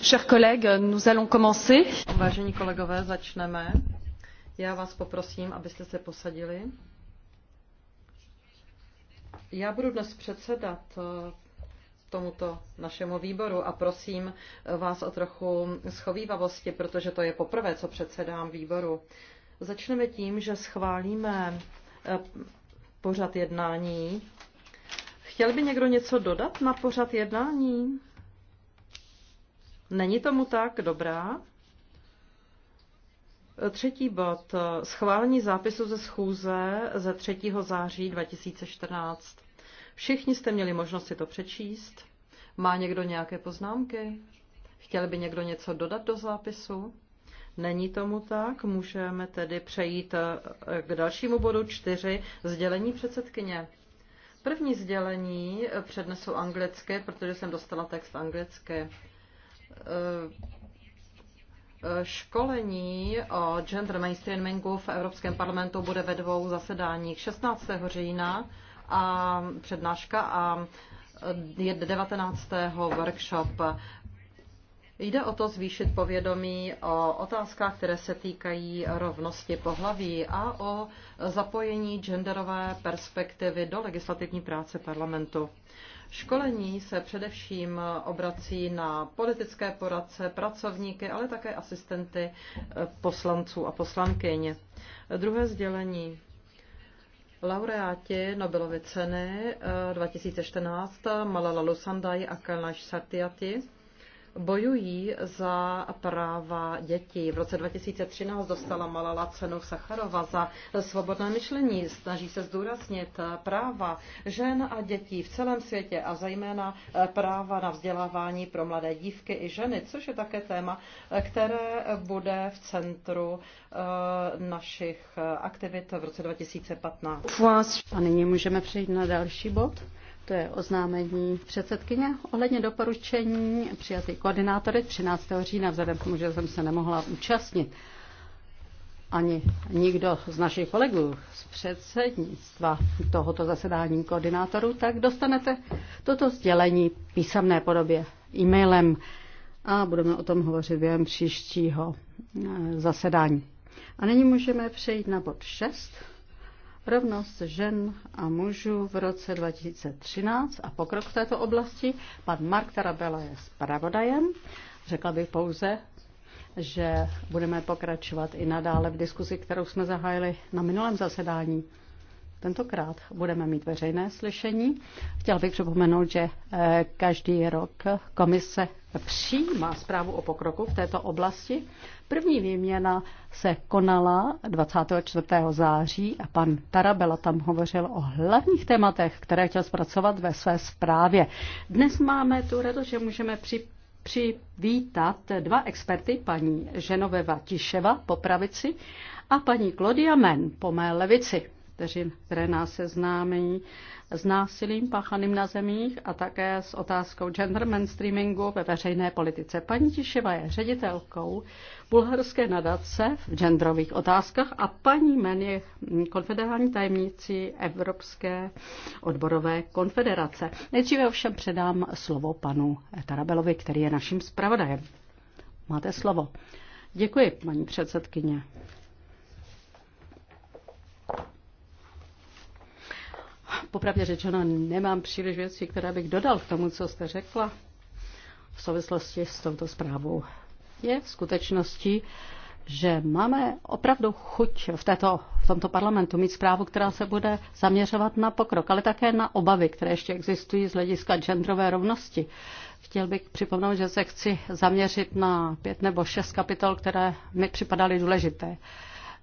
Chers collègues, nous allons commencer. Vážení kolegové, začneme. Já vás poprosím, abyste se posadili. Já budu dnes předsedat eh, tomuto našemu výboru a prosím vás o trochu schovývavosti, protože to je poprvé, co předsedám výboru. Začneme tím, že schválíme eh, pořad jednání Chtěl by někdo něco dodat na pořad jednání? Není tomu tak, dobrá. Třetí bod. Schválení zápisu ze schůze ze 3. září 2014. Všichni jste měli možnost si to přečíst. Má někdo nějaké poznámky? Chtěl by někdo něco dodat do zápisu? Není tomu tak, můžeme tedy přejít k dalšímu bodu čtyři, sdělení předsedkyně. První sdělení eh, přednesu anglicky, protože jsem dostala text anglicky. Eh, eh, školení o gender mainstreamingu v Evropském parlamentu bude ve dvou zasedáních 16. října a přednáška a 19. workshop. Jde o to zvýšit povědomí o otázkách, které se týkají rovnosti pohlaví a o zapojení genderové perspektivy do legislativní práce parlamentu. Školení se především obrací na politické poradce, pracovníky, ale také asistenty eh, poslanců a poslankyně. Druhé sdělení. Laureáti Nobelovy ceny eh, 2014 Malala Lusandai a Kalnaš Sartiati bojují za práva dětí. V roce 2013 dostala Malala cenu Sacharova za svobodné myšlení. Snaží se zdůraznit práva žen a dětí v celém světě a zejména práva na vzdělávání pro mladé dívky i ženy, což je také téma, které bude v centru eh, našich aktivit v roce 2015. A nyní můžeme přejít na další bod. To je oznámení předsedkyně ohledně doporučení přijatý koordinátory 13. října, vzhledem k tomu, že jsem se nemohla účastnit. Ani nikdo z našich kolegů z předsednictva tohoto zasedání koordinátorů, tak dostanete toto sdělení v písemné podobě e-mailem a budeme o tom hovořit během příštího eh, zasedání. A nyní můžeme přejít na bod 6 rovnost žen a mužů v roce 2013 a pokrok v této oblasti. Pan Mark Tarabella je zpravodajem. Řekla bych pouze, že budeme pokračovat i nadále v diskuzi, kterou jsme zahájili na minulém zasedání. Tentokrát budeme mít veřejné slyšení. Chtěl bych připomenout, že eh, každý rok komise přijímá zprávu o pokroku v této oblasti. První výměna se konala 24. září a pan Tarabela tam hovořil o hlavních tématech, které chtěl zpracovat ve své zprávě. Dnes máme tu radost, že můžeme při přivítat dva experty, paní Ženoveva Tiševa po pravici a paní Klodia Men po mé levici kteří, které nás seznámí s násilím páchaným na zemích a také s otázkou gender mainstreamingu ve veřejné politice. Paní Tiševa je ředitelkou bulharské nadace v genderových otázkách a paní Men je konfederální tajemnicí Evropské odborové konfederace. Nejdříve ovšem předám slovo panu Tarabelovi, který je naším zpravodajem. Máte slovo. Děkuji, paní předsedkyně. Popravdě řečeno, nemám příliš věcí, které bych dodal k tomu, co jste řekla v souvislosti s touto zprávou. Je v skutečnosti, že máme opravdu chuť v, této, v tomto parlamentu mít zprávu, která se bude zaměřovat na pokrok, ale také na obavy, které ještě existují z hlediska genderové rovnosti. Chtěl bych připomenout, že se chci zaměřit na pět nebo šest kapitol, které mi připadaly důležité.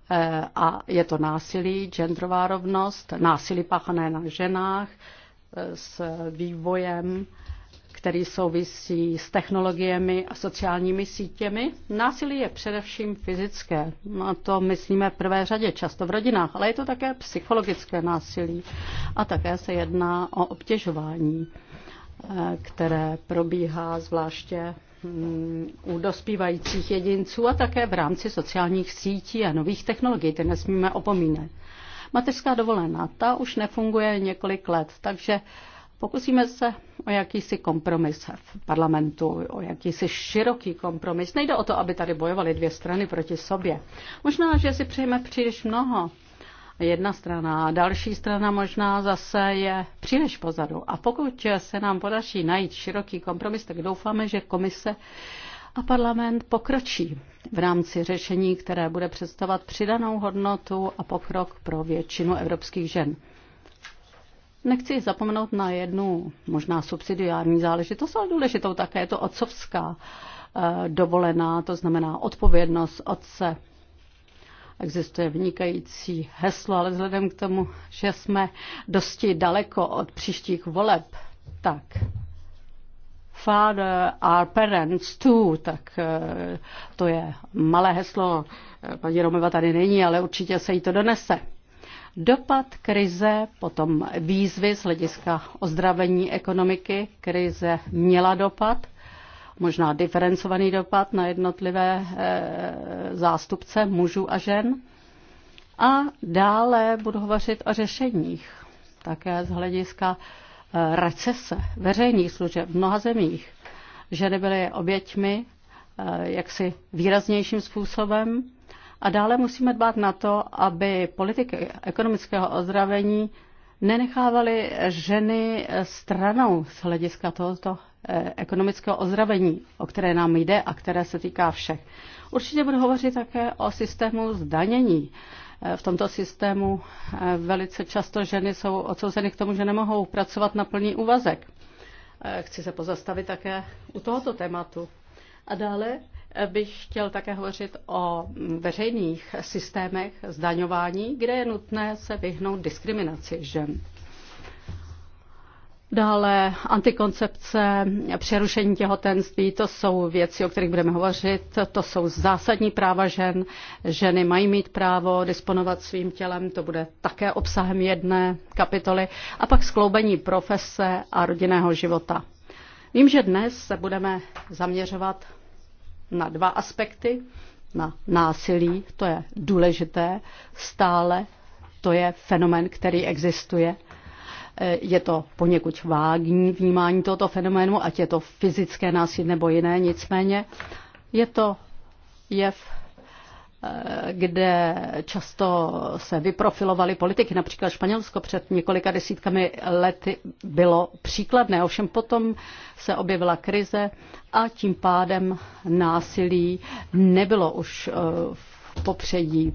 Eh, a je to násilí, genderová rovnost, násilí páchané na ženách eh, s vývojem, který souvisí s technologiemi a sociálními sítěmi. Násilí je především fyzické, a to myslíme v prvé řadě, často v rodinách, ale je to také psychologické násilí a také se jedná o obtěžování, eh, které probíhá zvláště u dospívajících jedinců a také v rámci sociálních sítí a nových technologií, ty nesmíme opomínat. Mateřská dovolená, ta už nefunguje několik let, takže pokusíme se o jakýsi kompromis v parlamentu, o jakýsi široký kompromis. Nejde o to, aby tady bojovaly dvě strany proti sobě. Možná, že si přejeme příliš mnoho jedna strana a další strana možná zase je příliš pozadu. A pokud se nám podaří najít široký kompromis, tak doufáme, že komise a parlament pokročí v rámci řešení, které bude představovat přidanou hodnotu a pokrok pro většinu evropských žen. Nechci zapomenout na jednu možná subsidiární záležitost, ale důležitou také je to otcovská eh, dovolená, to znamená odpovědnost otce Existuje vynikající heslo, ale vzhledem k tomu, že jsme dosti daleko od příštích voleb, tak Father our parents too, tak eh, to je malé heslo. Paní Romeva tady není, ale určitě se jí to donese. Dopad krize, potom výzvy z hlediska ozdravení ekonomiky, krize měla dopad – možná diferencovaný dopad na jednotlivé eh, zástupce mužů a žen. A dále budu hovořit o řešeních, také z hlediska eh, recese veřejných služeb v mnoha zemích. Ženy byly oběťmi eh, jaksi výraznějším způsobem. A dále musíme dbát na to, aby politiky ekonomického ozdravení nenechávaly ženy stranou z hlediska tohoto Eh, ekonomického ozdravení, o které nám jde a které se týká všech. Určitě budu hovořit také o systému zdanění. Eh, v tomto systému eh, velice často ženy jsou odsouzeny k tomu, že nemohou pracovat na plný úvazek. Chci se pozastavit také u tohoto tématu. A dále bych chtěl také hovořit o mm, veřejných systémech zdaňování, kde je nutné se vyhnout diskriminaci žen. Dále antikoncepce, přerušení těhotenství, to jsou věci, o kterých budeme hovořit. To jsou zásadní práva žen. Ženy mají mít právo disponovat svým tělem, to bude také obsahem jedné kapitoly. A pak skloubení profese a rodinného života. Vím, že dnes se budeme zaměřovat na dva aspekty. Na násilí, to je důležité, stále to je fenomén, který existuje Eh, je to poněkud vágní vnímání tohoto fenoménu, ať je to fyzické násilí nebo jiné, nicméně je to jev, eh, kde často se vyprofilovali politiky. Například Španělsko před několika desítkami lety bylo příkladné, ovšem potom se objevila krize a tím pádem násilí nebylo už eh, v popředí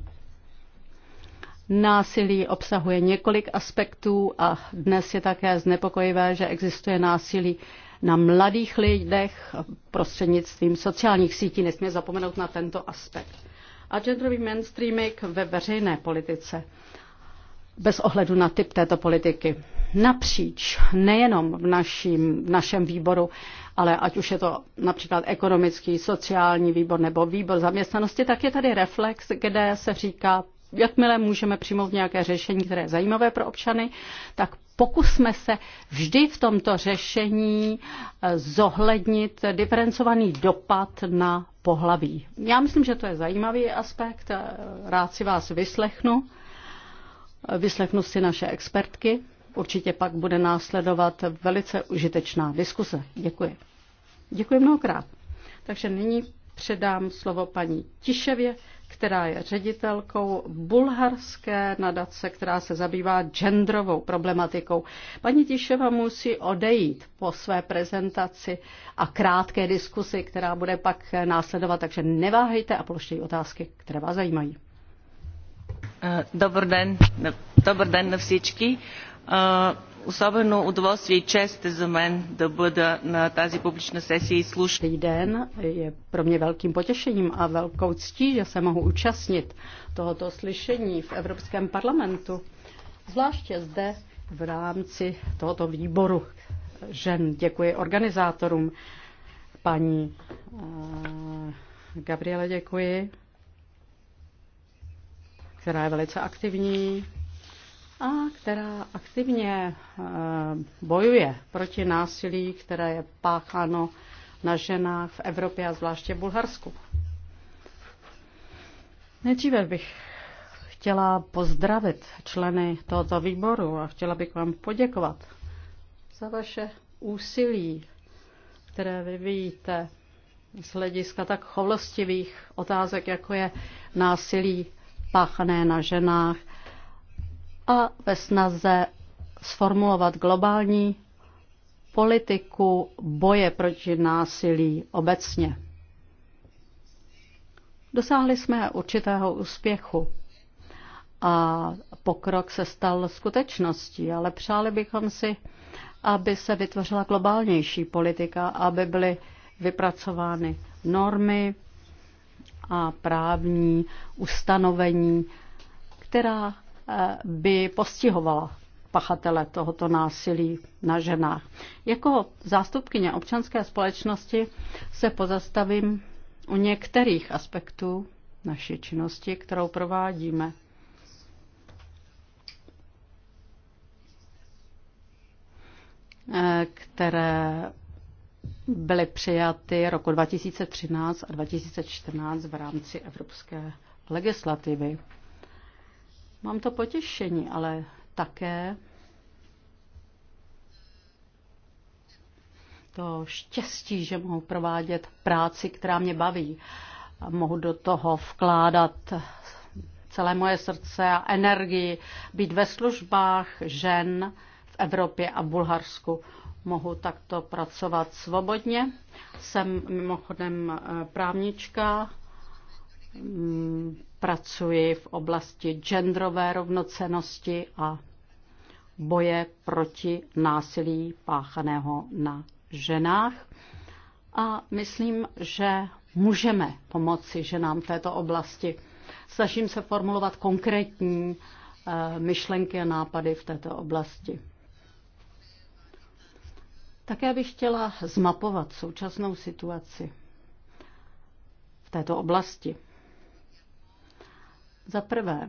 Násilí obsahuje několik aspektů a dnes je také znepokojivé, že existuje násilí na mladých lidech prostřednictvím sociálních sítí. Nesmíme zapomenout na tento aspekt. A genderový mainstreaming ve veřejné politice bez ohledu na typ této politiky. Napříč, nejenom v, naším, v našem výboru, ale ať už je to například ekonomický, sociální výbor nebo výbor zaměstnanosti, tak je tady reflex, kde se říká, jakmile můžeme přijmout nějaké řešení, které je zajímavé pro občany, tak pokusme se vždy v tomto řešení eh, zohlednit diferencovaný dopad na pohlaví. Já myslím, že to je zajímavý aspekt, eh, rád si vás vyslechnu, eh, vyslechnu si naše expertky, určitě pak bude následovat velice užitečná diskuse. Děkuji. Děkuji mnohokrát. Takže nyní předám slovo paní Tiševě která je ředitelkou bulharské nadace, která se zabývá genderovou problematikou. Paní Tiševa musí odejít po své prezentaci a krátké diskusi, která bude pak následovat, takže neváhejte a položte otázky, které vás zajímají. Eh, dobrý den, dobrý den všichni. Eh, особено удоволствие и чест за мен да бъда на тази публична сесия и слушам. den je pro mě velkým potěšením a velkou ctí, že se mohu účastnit tohoto slyšení v Evropském parlamentu, zvláště zde v rámci tohoto výboru žen. Děkuji organizátorům, paní Gabriele děkuji, která je velice aktivní a která aktivně eh, bojuje proti násilí, které je pácháno na ženách v Evropě a zvláště v Bulharsku. Nejdříve bych chtěla pozdravit členy tohoto výboru a chtěla bych vám poděkovat za vaše úsilí, které vyvíjíte z hlediska tak chovlostivých otázek, jako je násilí páchané na ženách a ve snaze sformulovat globální politiku boje proti násilí obecně. Dosáhli jsme určitého úspěchu a pokrok se stal skutečností, ale přáli bychom si, aby se vytvořila globálnější politika, aby byly vypracovány normy a právní ustanovení, která by postihovala pachatele tohoto násilí na ženách. Jako zástupkyně občanské společnosti se pozastavím u některých aspektů naší činnosti, kterou provádíme. Eh, které byly přijaty roku 2013 a 2014 v rámci evropské legislativy. Mám to potěšení, ale také to štěstí, že mohu provádět práci, která mě baví. A mohu do toho vkládat celé moje srdce a energii, být ve službách žen v Evropě a Bulharsku. Mohu takto pracovat svobodně. Jsem mimochodem eh, právnička, mm, pracuji v oblasti genderové rovnocenosti a boje proti násilí páchaného na ženách. A myslím, že můžeme pomoci ženám v této oblasti. Snažím se formulovat konkrétní eh, myšlenky a nápady v této oblasti. Také bych chtěla zmapovat současnou situaci v této oblasti. Za prvé,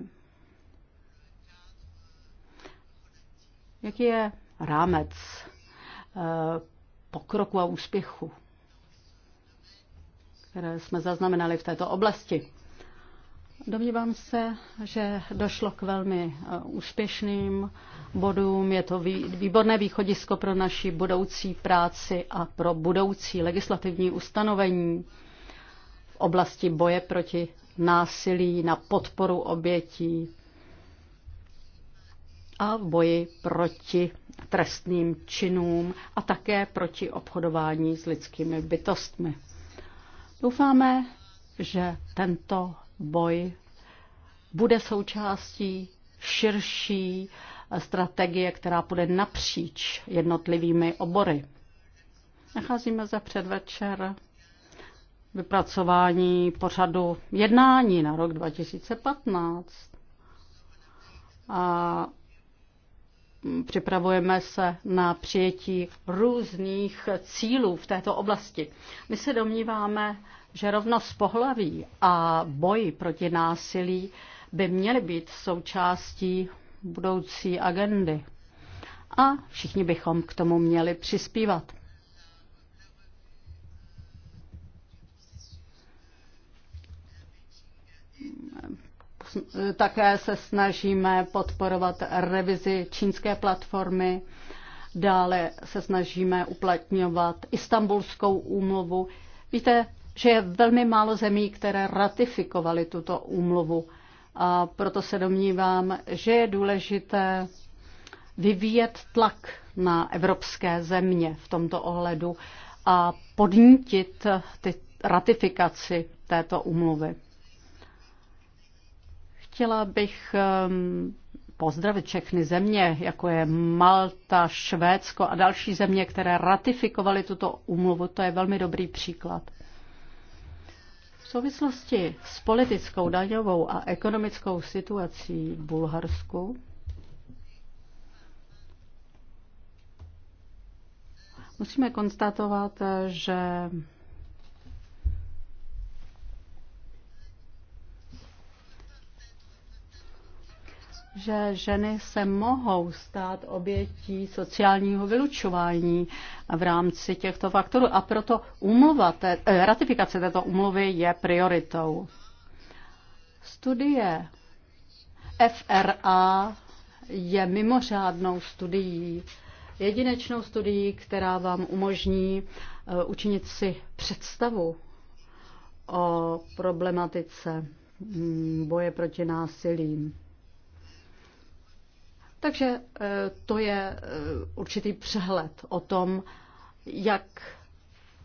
jaký je rámec eh, pokroku a úspěchu, které jsme zaznamenali v této oblasti. Domnívám se, že došlo k velmi eh, úspěšným bodům. Je to výborné východisko pro naši budoucí práci a pro budoucí legislativní ustanovení v oblasti boje proti násilí, na podporu obětí a v boji proti trestným činům a také proti obchodování s lidskými bytostmi. Doufáme, že tento boj bude součástí širší strategie, která bude napříč jednotlivými obory. Nacházíme se předvečer vypracování pořadu jednání na rok 2015. A připravujeme se na přijetí různých cílů v této oblasti. My se domníváme, že rovnost pohlaví a boj proti násilí by měly být součástí budoucí agendy. A všichni bychom k tomu měli přispívat. Také se snažíme podporovat revizi čínské platformy. Dále se snažíme uplatňovat istambulskou úmluvu. Víte, že je velmi málo zemí, které ratifikovaly tuto úmluvu. A proto se domnívám, že je důležité vyvíjet tlak na evropské země v tomto ohledu a podnítit ty ratifikaci této umluvy. Chtěla bych ehm, pozdravit všechny země, jako je Malta, Švédsko a další země, které ratifikovaly tuto úmluvu. To je velmi dobrý příklad. V souvislosti s politickou, daňovou a ekonomickou situací v Bulharsku musíme konstatovat, že že ženy se mohou stát obětí sociálního vylučování v rámci těchto faktorů a proto umluva, té, eh, ratifikace této umluvy je prioritou. Studie FRA je mimořádnou studií, jedinečnou studií, která vám umožní eh, učinit si představu o problematice mm, boje proti násilím. Takže eh, to je eh, určitý přehled o tom, jak,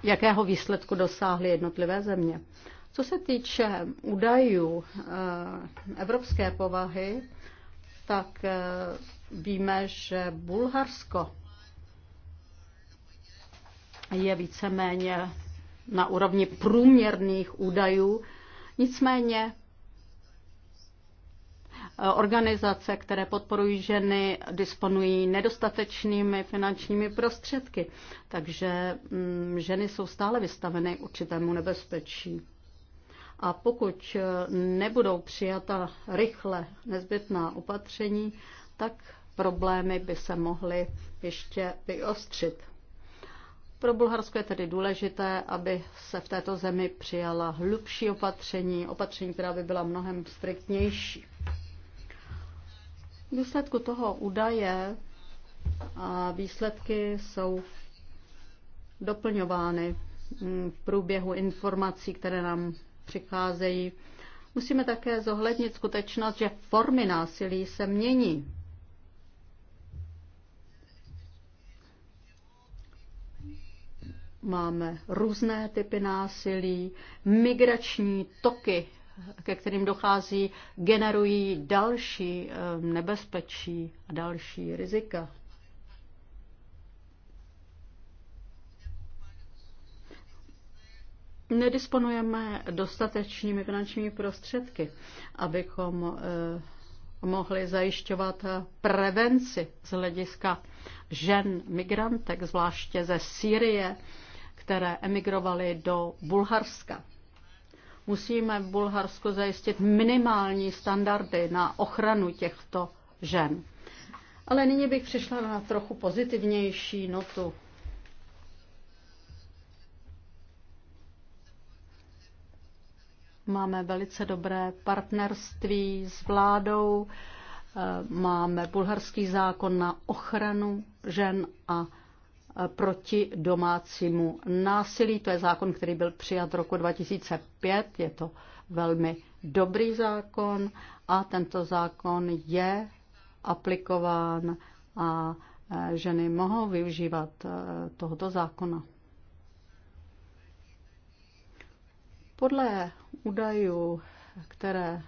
jakého výsledku dosáhly jednotlivé země. Co se týče údajů eh, evropské povahy, tak víme, že Bulharsko je víceméně na úrovni průměrných údajů, nicméně Organizace, které podporují ženy, disponují nedostatečnými finančními prostředky, takže mm, ženy jsou stále vystaveny určitému nebezpečí. A pokud eh, nebudou přijata rychle nezbytná opatření, tak problémy by se mohly ještě vyostřit. Pro Bulharsko je tedy důležité, aby se v této zemi přijala hlubší opatření, opatření, která by byla mnohem striktnější. V důsledku toho údaje a výsledky jsou doplňovány mm, v průběhu informací, které nám přicházejí. Musíme také zohlednit skutečnost, že formy násilí se mění. Máme různé typy násilí, migrační toky ke kterým dochází, generují další eh, nebezpečí a další rizika. Nedisponujeme dostatečnými finančními prostředky, abychom eh, mohli zajišťovat prevenci z hlediska žen migrantek, zvláště ze Sýrie, které emigrovaly do Bulharska. Musíme v Bulharsku zajistit minimální standardy na ochranu těchto žen. Ale nyní bych přišla na trochu pozitivnější notu. Máme velice dobré partnerství s vládou, eh, máme bulharský zákon na ochranu žen a proti domácímu násilí. To je zákon, který byl přijat roku 2005. Je to velmi dobrý zákon a tento zákon je aplikován a e, ženy mohou využívat e, tohoto zákona. Podle údajů, které e,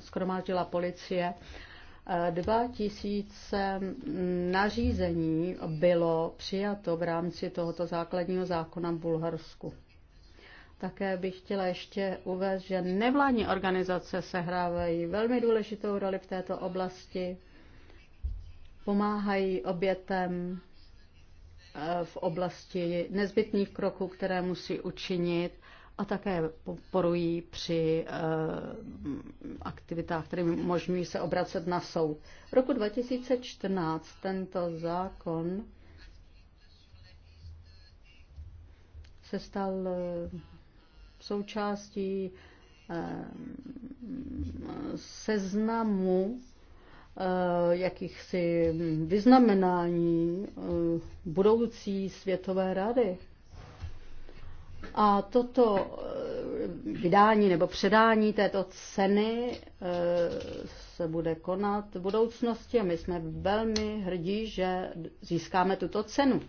skromáždila policie, 2000 nařízení bylo přijato v rámci tohoto základního zákona v Bulharsku. Také bych chtěla ještě uvést, že nevládní organizace sehrávají velmi důležitou roli v této oblasti, pomáhají obětem eh, v oblasti nezbytných kroků, které musí učinit a také podporují při eh, aktivitách, které možňují se obracet na soud. V roku 2014 tento zákon se stal eh, součástí eh, seznamu jakýchsi vyznamenání budoucí světové rady a toto eh, vydání nebo předání této ceny eh, se bude konat v budoucnosti a my jsme velmi hrdí, že získáme tuto cenu.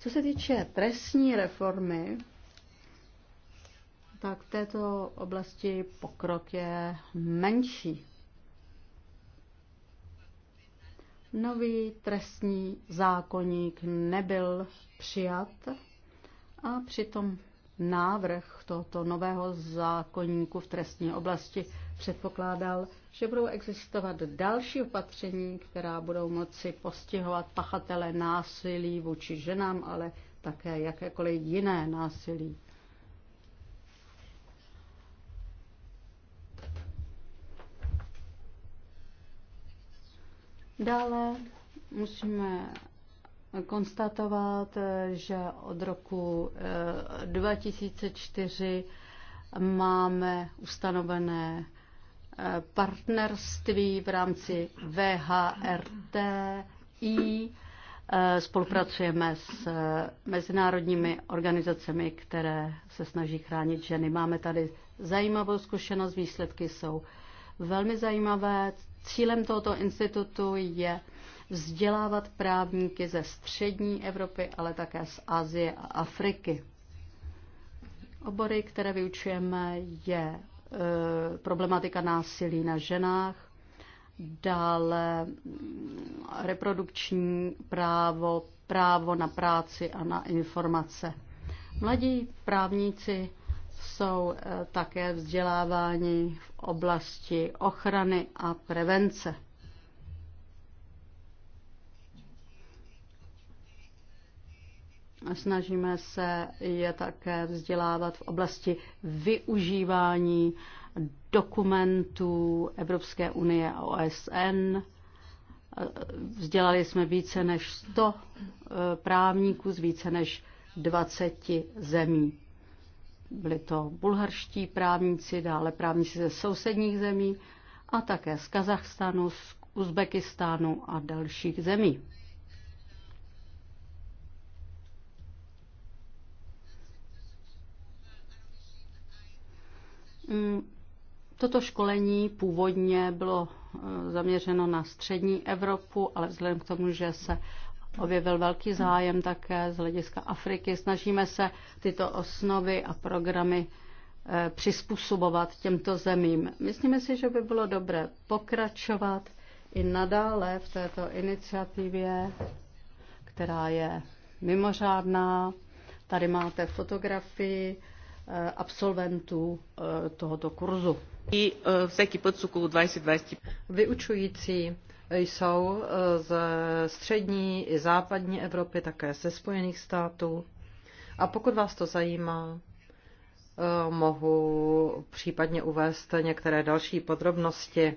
Co se týče trestní reformy, tak v této oblasti pokrok je menší. Nový trestní zákoník nebyl přijat a přitom návrh tohoto nového zákonníku v trestní oblasti předpokládal, že budou existovat další opatření, která budou moci postihovat pachatele násilí vůči ženám, ale také jakékoliv jiné násilí. Dále musíme konstatovat, že od roku 2004 eh, máme ustanovené eh, partnerství v rámci VHRTI. Eh, spolupracujeme s mezinárodními organizacemi, které se snaží chránit ženy. Máme tady zajímavou zkušenost, výsledky jsou velmi zajímavé. Cílem tohoto institutu je vzdělávat právníky ze střední Evropy, ale také z Asie a Afriky. Obory, které vyučujeme, je e, problematika násilí na ženách, dále mm, reprodukční právo, právo na práci a na informace. Mladí právníci jsou e, také vzděláváni v oblasti ochrany a prevence. Snažíme se je také vzdělávat v oblasti využívání dokumentů Evropské unie a OSN. Vzdělali jsme více než 100 e, právníků z více než 20 zemí. Byli to bulharští právníci, dále právníci ze sousedních zemí a také z Kazachstanu, z Uzbekistánu a dalších zemí. Mm, toto školení původně bylo eh, zaměřeno na střední Evropu, ale vzhledem k tomu, že se objevil velký zájem také z hlediska Afriky, snažíme se tyto osnovy a programy eh, přizpůsobovat těmto zemím. Myslíme si, že by bylo dobré pokračovat i nadále v této iniciativě, která je mimořádná. Tady máte fotografii Eh, absolventů eh, tohoto kurzu. I eh, vseký pod okolo 2020. Vyučující jsou z střední i západní Evropy, také ze Spojených států. A pokud vás to zajímá, mohu případně uvést některé další podrobnosti.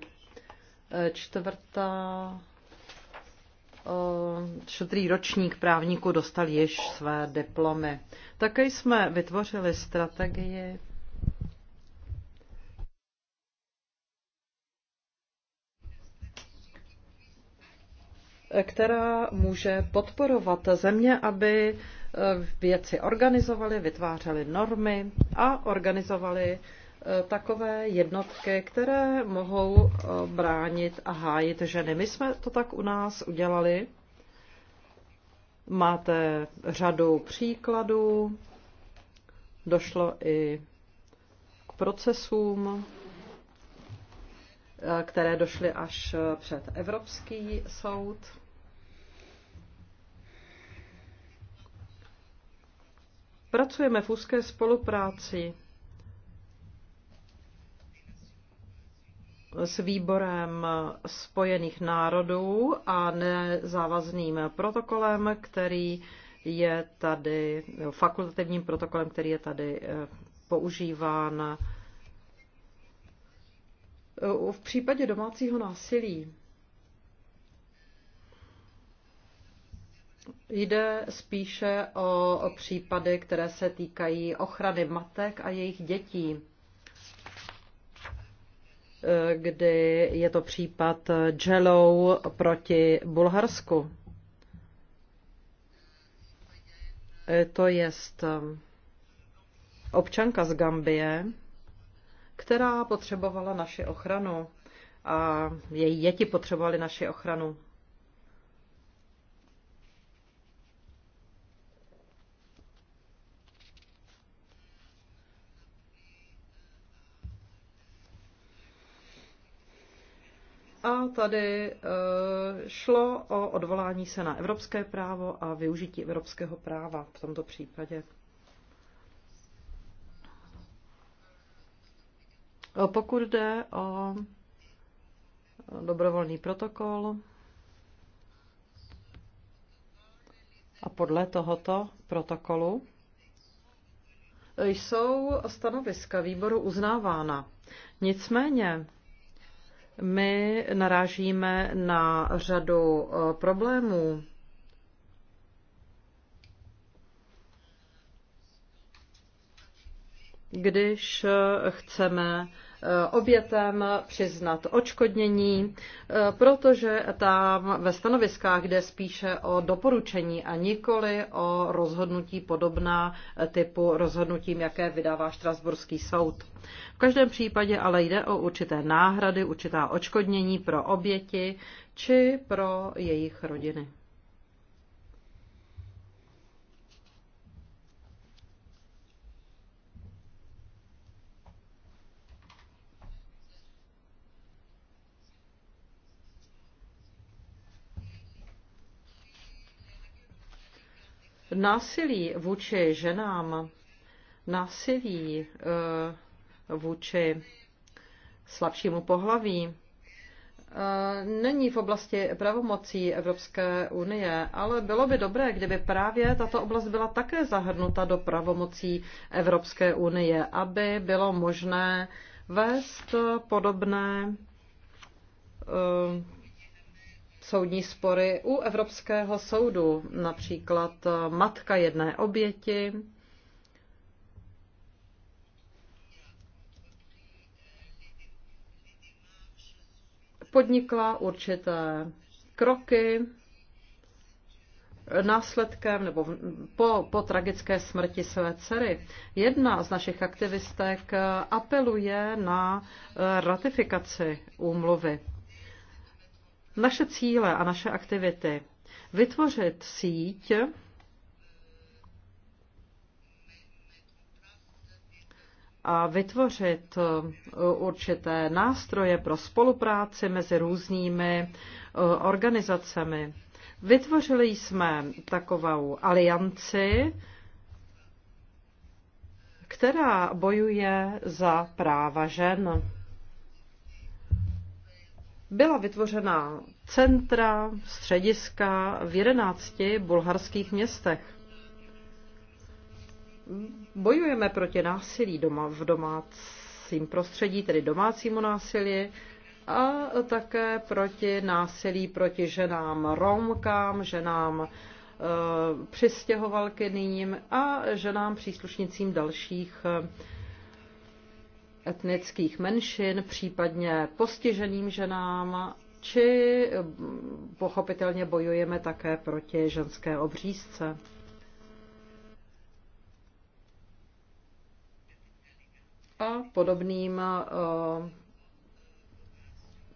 Čtvrtá Eh, šetrý ročník právníků dostal již své diplomy. Také jsme vytvořili strategii která může podporovat země, aby eh, věci organizovali, vytvářeli normy a organizovali takové jednotky, které mohou eh, bránit a hájit ženy. My jsme to tak u nás udělali. Máte řadu příkladů, došlo i k procesům, eh, které došly až před Evropský soud. Pracujeme v úzké spolupráci s výborem Spojených národů a nezávazným protokolem, který je tady, fakultativním protokolem, který je tady eh, používán eh, v případě domácího násilí. Jde spíše o případy, které se týkají ochrany matek a jejich dětí kdy je to případ Jellou proti Bulharsku. To je um, občanka z Gambie, která potřebovala naši ochranu a její děti potřebovaly naši ochranu. A tady eh, šlo o odvolání se na evropské právo a využití evropského práva v tomto případě. Pokud jde o dobrovolný protokol a podle tohoto protokolu eh, jsou stanoviska výboru uznávána. Nicméně my narážíme na řadu eh, problémů. Když eh, chceme obětem přiznat očkodnění, protože tam ve stanoviskách jde spíše o doporučení a nikoli o rozhodnutí podobná typu rozhodnutím, jaké vydává Štrasburský soud. V každém případě ale jde o určité náhrady, určitá očkodnění pro oběti či pro jejich rodiny. Násilí vůči ženám, násilí eh, vůči slabšímu pohlaví, eh, není v oblasti pravomocí Evropské unie, ale bylo by dobré, kdyby právě tato oblast byla také zahrnuta do pravomocí Evropské unie, aby bylo možné vést podobné eh, soudní spory u Evropského soudu, například eh, matka jedné oběti. Podnikla určité kroky následkem nebo po, po tragické smrti své dcery. Jedna z našich aktivistek apeluje na eh, ratifikaci úmluvy. Naše cíle a naše aktivity. Vytvořit síť, a vytvořit eh, určité nástroje pro spolupráci mezi různými eh, organizacemi. Vytvořili jsme takovou alianci, která bojuje za práva žen. Byla vytvořena centra, střediska v jedenácti bulharských městech. Bojujeme proti násilí doma, v domácím prostředí, tedy domácímu násilí, a také proti násilí proti ženám Romkám, ženám eh, přistěhovalkyním a ženám příslušnicím dalších eh, etnických menšin, případně postiženým ženám, či pochopitelně bojujeme také proti ženské obřízce. A podobným eh,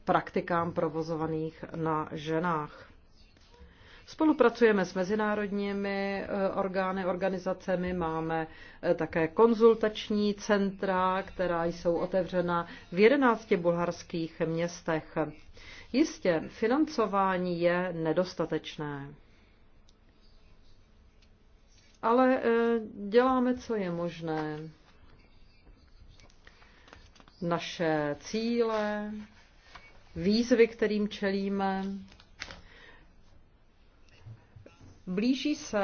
praktikám provozovaných na ženách. Spolupracujeme s mezinárodními eh, orgány, organizacemi, máme eh, také konzultační centra, která jsou otevřena v 11 bulharských městech. Jistě, financování je nedostatečné. Ale eh, děláme, co je možné. Naše cíle, výzvy, kterým čelíme, Blíží se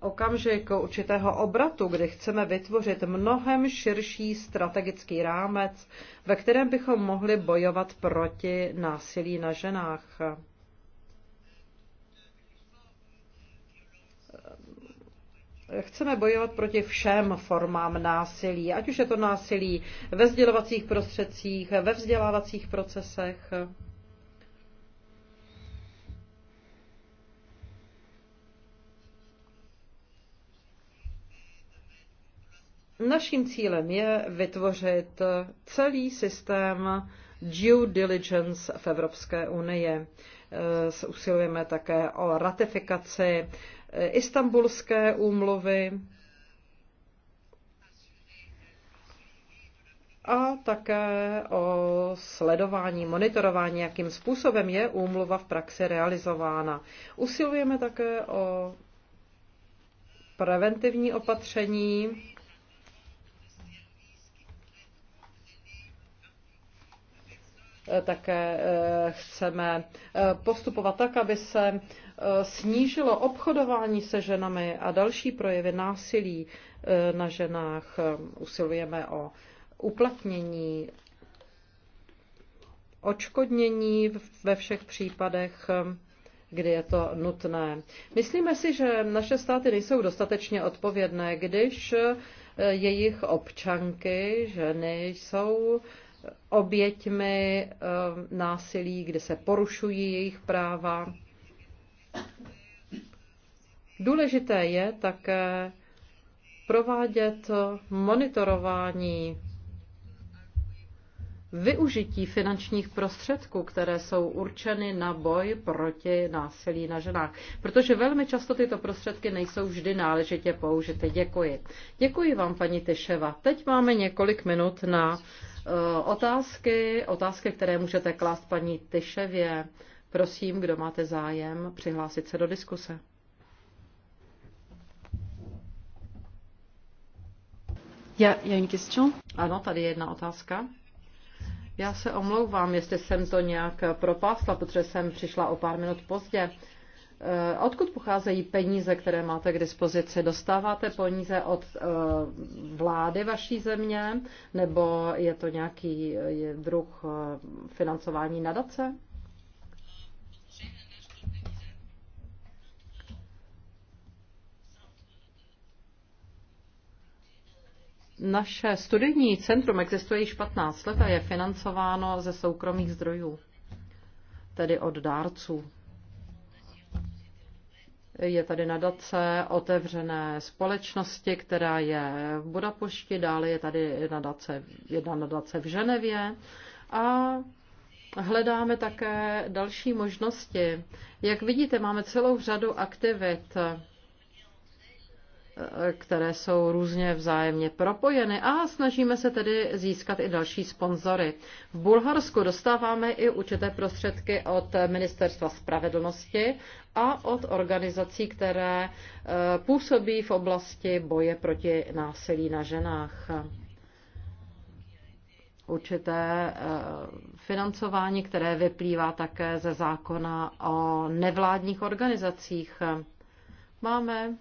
okamžik určitého obratu, kdy chceme vytvořit mnohem širší strategický rámec, ve kterém bychom mohli bojovat proti násilí na ženách. Chceme bojovat proti všem formám násilí, ať už je to násilí ve sdělovacích prostředcích, ve vzdělávacích procesech. Naším cílem je vytvořit celý systém due diligence v Evropské unii. Eh, usilujeme také o ratifikaci eh, Istanbulské úmluvy a také o sledování, monitorování, jakým způsobem je úmluva v praxi realizována. Usilujeme také o preventivní opatření Eh, také eh, chceme eh, postupovat tak, aby se snížilo obchodování se ženami a další projevy násilí na ženách. Usilujeme o uplatnění očkodnění ve všech případech, kdy je to nutné. Myslíme si, že naše státy nejsou dostatečně odpovědné, když jejich občanky, ženy jsou oběťmi eh, násilí, kde se porušují jejich práva. Důležité je také provádět monitorování využití finančních prostředků, které jsou určeny na boj proti násilí na ženách. Protože velmi často tyto prostředky nejsou vždy náležitě použity. Děkuji. Děkuji vám, paní Teševa. Teď máme několik minut na Eh, otázky, otázky, které můžete klást paní Tyševě. Prosím, kdo máte zájem, přihlásit se do diskuse. Já, já une question. Ano, tady je jedna otázka. Já se omlouvám, jestli jsem to nějak propásla, protože jsem přišla o pár minut pozdě. Uh, Eh, odkud pocházejí peníze, které máte k dispozici? Dostáváte peníze od eh, vlády vaší země, nebo je to nějaký eh, druh financování nadace? Naše studijní centrum existuje již 15 let a je financováno ze soukromých zdrojů, tedy od dárců. Je tady nadace otevřené společnosti, která je v Budapešti, dále je tady nadace, jedna nadace v Ženevě a hledáme také další možnosti. Jak vidíte, máme celou řadu aktivit které jsou různě vzájemně propojeny a snažíme se tedy získat i další sponzory. V Bulharsku dostáváme i určité prostředky od Ministerstva spravedlnosti a od organizací, které eh, působí v oblasti boje proti násilí na ženách určité eh, financování, které vyplývá také ze zákona o nevládních organizacích. Máme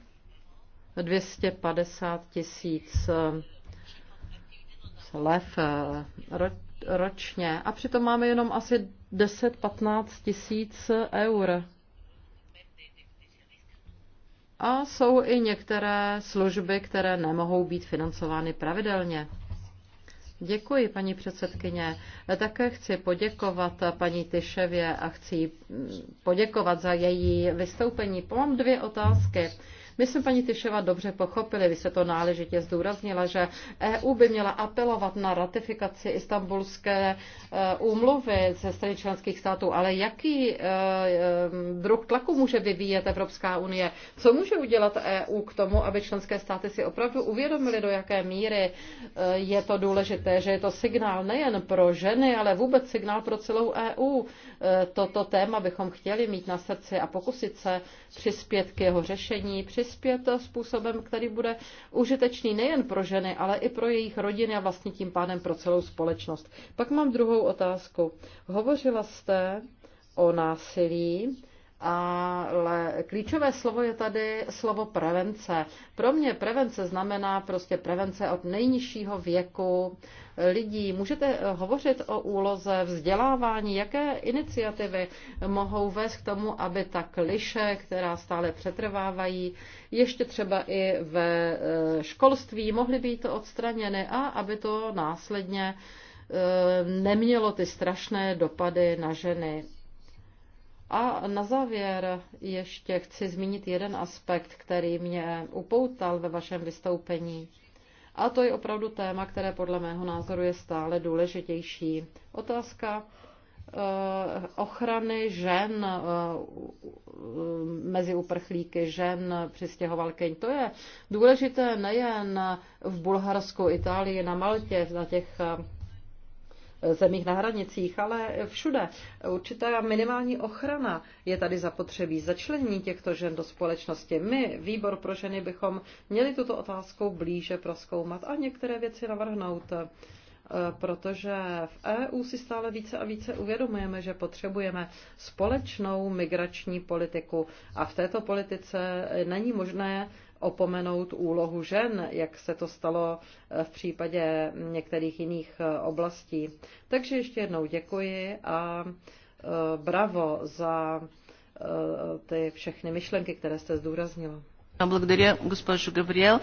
250 tisíc eh, lev eh, ročně a přitom máme jenom asi 10-15 tisíc eur. A jsou i některé služby, které nemohou být financovány pravidelně. Děkuji, paní předsedkyně. Také chci poděkovat paní Tyševě a chci mm, poděkovat za její vystoupení. Mám dvě otázky. My jsme paní Tyševa dobře pochopili, vy se to náležitě zdůraznila, že EU by měla apelovat na ratifikaci istambulské e, úmluvy ze strany členských států, ale jaký e, e, druh tlaku může vyvíjet Evropská unie? Co může udělat EU k tomu, aby členské státy si opravdu uvědomili, do jaké míry je to důležité, že je to signál nejen pro ženy, ale vůbec signál pro celou EU. Toto téma bychom chtěli mít na srdci a pokusit se přispět k jeho řešení, přispět přispět způsobem, který bude užitečný nejen pro ženy, ale i pro jejich rodiny a vlastně tím pádem pro celou společnost. Pak mám druhou otázku. Hovořila jste o násilí ale klíčové slovo je tady slovo prevence. Pro mě prevence znamená prostě prevence od nejnižšího věku lidí. Můžete hovořit o úloze vzdělávání, jaké iniciativy mohou vést k tomu, aby ta kliše, která stále přetrvávají, ještě třeba i ve eh, školství mohly být odstraněny a aby to následně eh, nemělo ty strašné dopady na ženy. A na závěr ještě chci zmínit jeden aspekt, který mě upoutal ve vašem vystoupení. A to je opravdu téma, které podle mého názoru je stále důležitější. Otázka eh, ochrany žen eh, mezi uprchlíky, žen přistěhovalkyň. To je důležité nejen v Bulharsku, Itálii, na Maltě, na těch eh, zemích na hranicích, ale všude. Určitá minimální ochrana je tady zapotřebí začlenění těchto žen do společnosti. My, výbor pro ženy, bychom měli tuto otázku blíže proskoumat a některé věci navrhnout eh, protože v EU si stále více a více uvědomujeme, že potřebujeme společnou migrační politiku a v této politice není možné opomenout úlohu žen, jak se to stalo eh, v případě některých jiných eh, oblastí. Takže ještě jednou děkuji a eh, bravo za ty všechny myšlenky, které jste zdůraznila. Благодаря, э,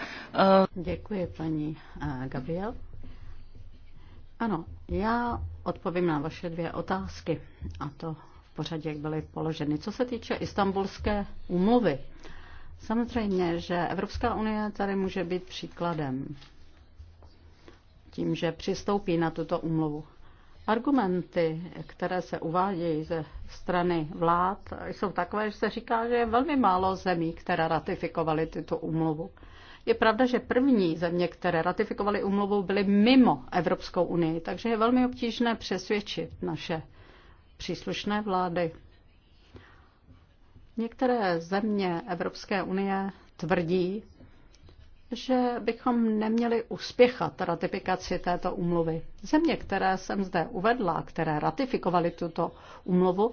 Děkuji, paní Gabriel. Ano, já odpovím na vaše dvě otázky, a to v pořadě, jak byly položeny. Co se týče istambulské úmluvy, Samozřejmě, že Evropská unie tady může být příkladem tím, že přistoupí na tuto umluvu. Argumenty, které se uvádějí ze strany vlád, jsou takové, že se říká, že je velmi málo zemí, které ratifikovaly tuto umluvu. Je pravda, že první země, které ratifikovaly umluvu, byly mimo Evropskou unii, takže je velmi obtížné přesvědčit naše příslušné vlády. Některé země Evropské unie tvrdí, že bychom neměli uspěchat ratifikaci této umluvy. Země, které jsem zde uvedla, které ratifikovaly tuto umluvu,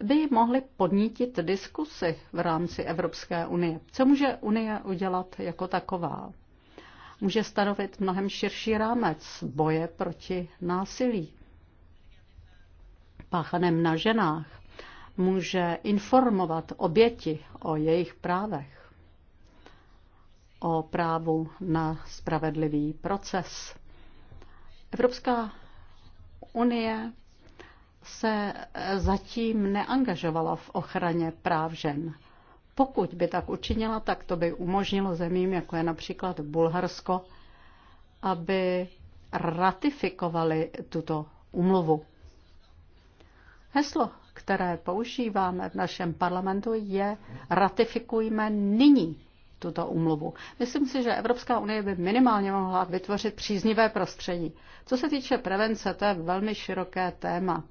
by mohly podnítit diskusy v rámci Evropské unie. Co může Unie udělat jako taková? Může stanovit mnohem širší rámec boje proti násilí páchaném na ženách může informovat oběti o jejich právech, o právu na spravedlivý proces. Evropská unie se zatím neangažovala v ochraně práv žen. Pokud by tak učinila, tak to by umožnilo zemím, jako je například Bulharsko, aby ratifikovali tuto umluvu. Heslo které používáme v našem parlamentu, je ratifikujme nyní tuto umluvu. Myslím si, že Evropská unie by minimálně mohla vytvořit příznivé prostředí. Co se týče prevence, to je velmi široké téma.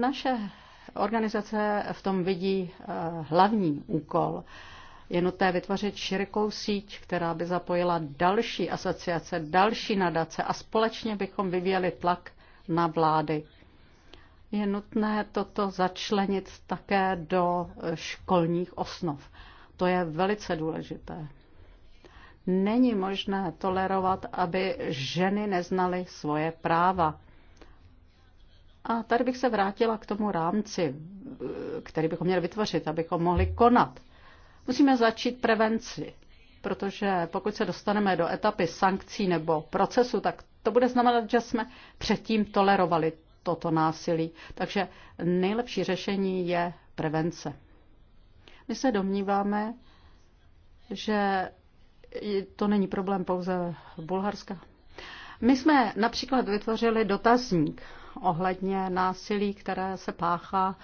Naše organizace v tom vidí eh, hlavní úkol. Je nutné vytvořit širokou síť, která by zapojila další asociace, další nadace a společně bychom vyvíjeli tlak na vlády. Je nutné toto začlenit také do školních osnov. To je velice důležité. Není možné tolerovat, aby ženy neznaly svoje práva. A tady bych se vrátila k tomu rámci, který bychom měli vytvořit, abychom mohli konat. Musíme začít prevenci, protože pokud se dostaneme do etapy sankcí nebo procesu, tak to bude znamenat, že jsme předtím tolerovali toto násilí. Takže nejlepší řešení je prevence. My se domníváme, že to není problém pouze Bulharska. My jsme například vytvořili dotazník ohledně násilí, které se páchá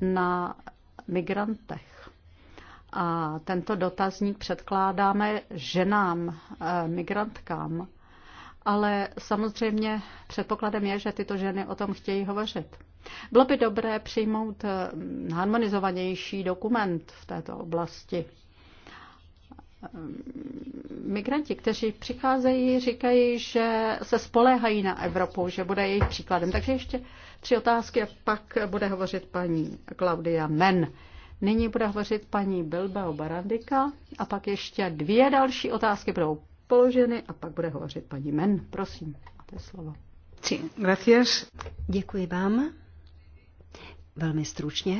na migrantech. A tento dotazník předkládáme ženám, eh, migrantkám, ale samozřejmě předpokladem je, že tyto ženy o tom chtějí hovořit. Bylo by dobré přijmout eh, harmonizovanější dokument v této oblasti. Ehm, migranti, kteří přicházejí, říkají, že se spoléhají na Evropu, že bude jejich příkladem. Takže ještě tři otázky a pak bude hovořit paní Klaudia Men. Nyní bude hovořit paní Bilbao Barandika a pak ještě dvě další otázky budou položeny a pak bude hovořit paní Men. Prosím, máte slovo. Sí, gracias. Děkuji vám. Velmi stručně.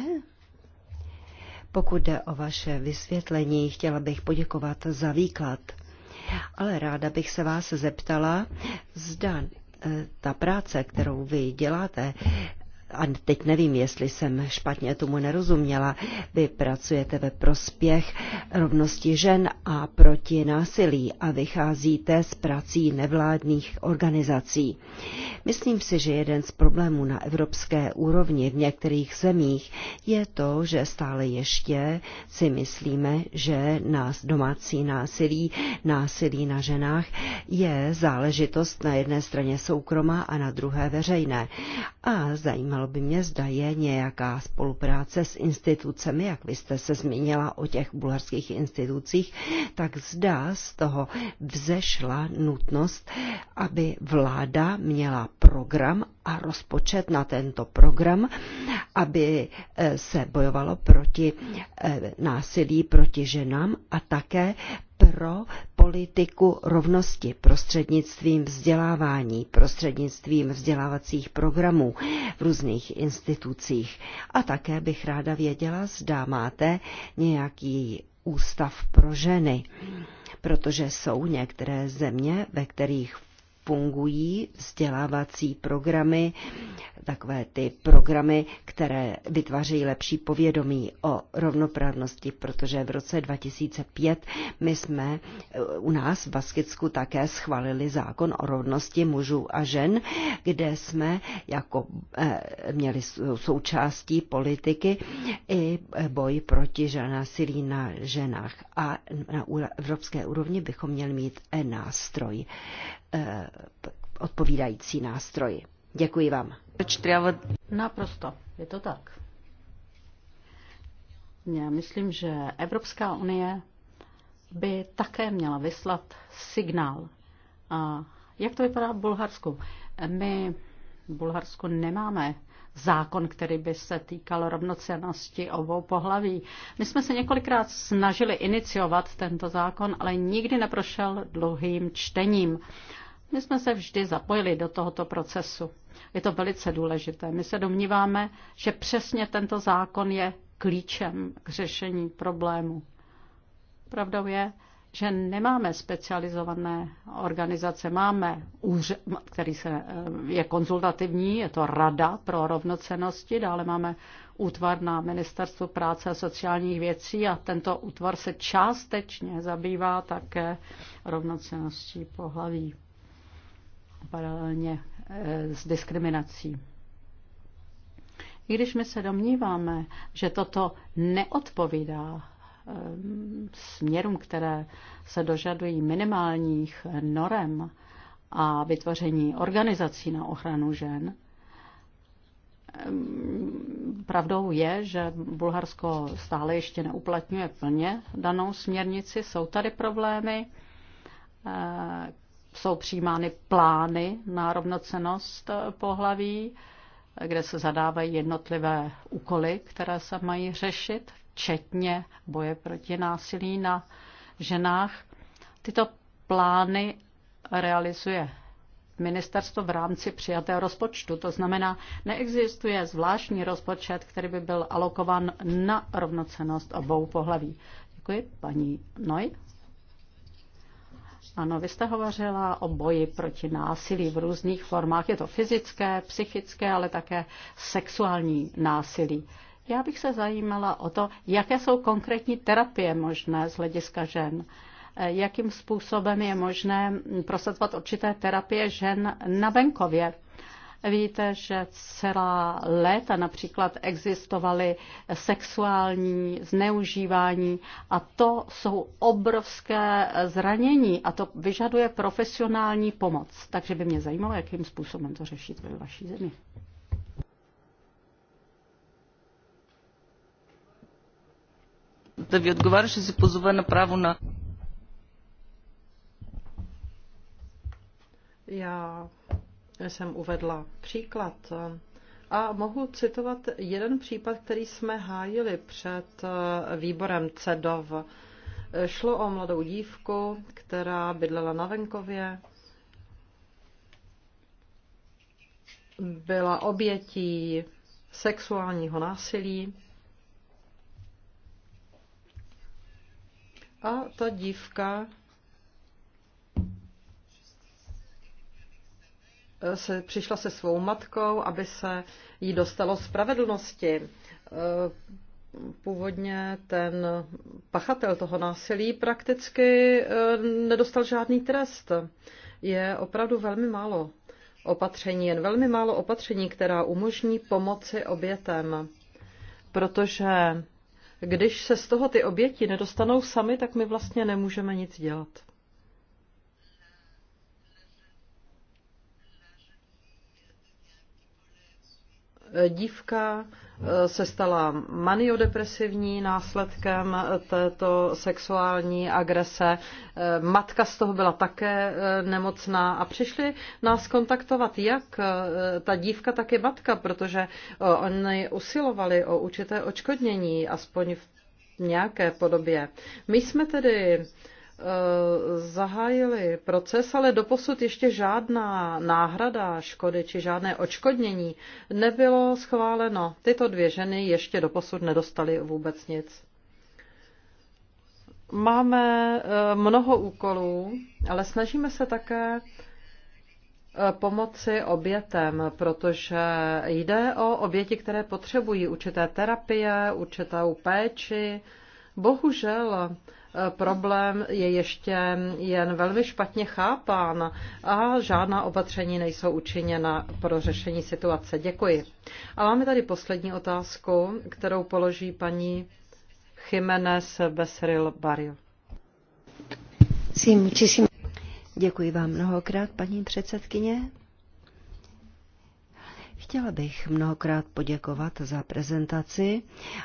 Pokud jde o vaše vysvětlení, chtěla bych poděkovat za výklad. Ale ráda bych se vás zeptala, zda eh, ta práce, kterou vy děláte, a teď nevím, jestli jsem špatně tomu nerozuměla, vy pracujete ve prospěch rovnosti žen a proti násilí a vycházíte z prací nevládních organizací. Myslím si, že jeden z problémů na evropské úrovni v některých zemích je to, že stále ještě si myslíme, že nás domácí násilí, násilí na ženách je záležitost na jedné straně soukromá a na druhé veřejné. A zajímalo Zajímalo by mě, zda je nějaká spolupráce s institucemi, jak vy jste se zmínila o těch bulharských institucích, tak zdá z toho vzešla nutnost, aby vláda měla program a rozpočet na tento program, aby eh, se bojovalo proti eh, násilí proti ženám a také pro politiku rovnosti prostřednictvím vzdělávání, prostřednictvím vzdělávacích programů v různých institucích. A také bych ráda věděla, zda máte nějaký ústav pro ženy, protože jsou některé země, ve kterých fungují vzdělávací programy, takové ty programy, které vytvářejí lepší povědomí o rovnoprávnosti, protože v roce 2005 my jsme eh, u nás v Baskicku také schválili zákon o rovnosti mužů a žen, kde jsme jako eh, měli součástí politiky i eh, boj proti násilí na ženách. A na evropské úrovni bychom měli mít nástroj Eh, odpovídající nástroji. Děkuji vám. Naprosto, je to tak. Já myslím, že Evropská unie by také měla vyslat signál. A jak to vypadá v Bulharsku? My v Bulharsku nemáme zákon, který by se týkal rovnocenosti obou pohlaví. My jsme se několikrát snažili iniciovat tento zákon, ale nikdy neprošel dlouhým čtením. My jsme se vždy zapojili do tohoto procesu. Je to velice důležité. My se domníváme, že přesně tento zákon je klíčem k řešení problému. Pravdou je, že nemáme specializované organizace, máme úřad, který se, eh, je konzultativní, je to Rada pro rovnocenosti, dále máme útvar na Ministerstvu práce a sociálních věcí a tento útvar se částečně zabývá také rovnocenností pohlaví paralelně eh, s diskriminací. I když my se domníváme, že toto neodpovídá eh, směrům, které se dožadují minimálních norem a vytvoření organizací na ochranu žen, eh, Pravdou je, že Bulharsko stále ještě neuplatňuje plně danou směrnici, jsou tady problémy, jsou přijímány plány na rovnocenost eh, pohlaví, kde se zadávají jednotlivé úkoly, které se mají řešit, včetně boje proti násilí na ženách. Tyto plány realizuje ministerstvo v rámci přijatého rozpočtu. To znamená, neexistuje zvláštní rozpočet, který by byl alokovan na rovnocenost obou pohlaví. Děkuji, paní Noj. Ano, vy jste hovořila o boji proti násilí v různých formách. Je to fyzické, psychické, ale také sexuální násilí. Já bych se zajímala o to, jaké jsou konkrétní terapie možné z hlediska žen. Eh, jakým způsobem je možné prosazovat určité terapie žen na venkově. Víte, že celá léta například existovaly sexuální zneužívání a to jsou obrovské zranění a to vyžaduje profesionální pomoc. Takže by mě zajímalo, jakým způsobem to řešit ve vaší zemi. Да ви že si pozove na? направо na... Já jsem uvedla příklad. A mohu citovat jeden případ, který jsme hájili před eh, výborem CEDOV. Šlo o mladou dívku, která bydlela na venkově, byla obětí sexuálního násilí. A ta dívka se, přišla se svou matkou, aby se jí dostalo spravedlnosti. E, původně ten pachatel toho násilí prakticky e, nedostal žádný trest. Je opravdu velmi málo opatření, jen velmi málo opatření, která umožní pomoci obětem. Protože když se z toho ty oběti nedostanou sami, tak my vlastně nemůžeme nic dělat. dívka eh, se stala maniodepresivní následkem eh, této sexuální agrese. Eh, matka z toho byla také nemocná a přišli nás kontaktovat jak ta dívka, tak i matka, protože oni usilovali o určité očkodnění, aspoň v nějaké podobě. My jsme tedy zahájili proces, ale doposud ještě žádná náhrada škody či žádné očkodnění nebylo schváleno. Tyto dvě ženy ještě doposud nedostaly vůbec nic. Máme eh, mnoho úkolů, ale snažíme se také eh, pomoci obětem, protože jde o oběti, které potřebují určité terapie, určitou péči, Bohužel eh, problém je ještě jen velmi špatně chápán a žádná opatření nejsou učiněna pro řešení situace. Děkuji. A máme tady poslední otázku, kterou položí paní Jiménez Besril Barrio. Děkuji vám mnohokrát, paní předsedkyně. Chtěla bych mnohokrát poděkovat za prezentaci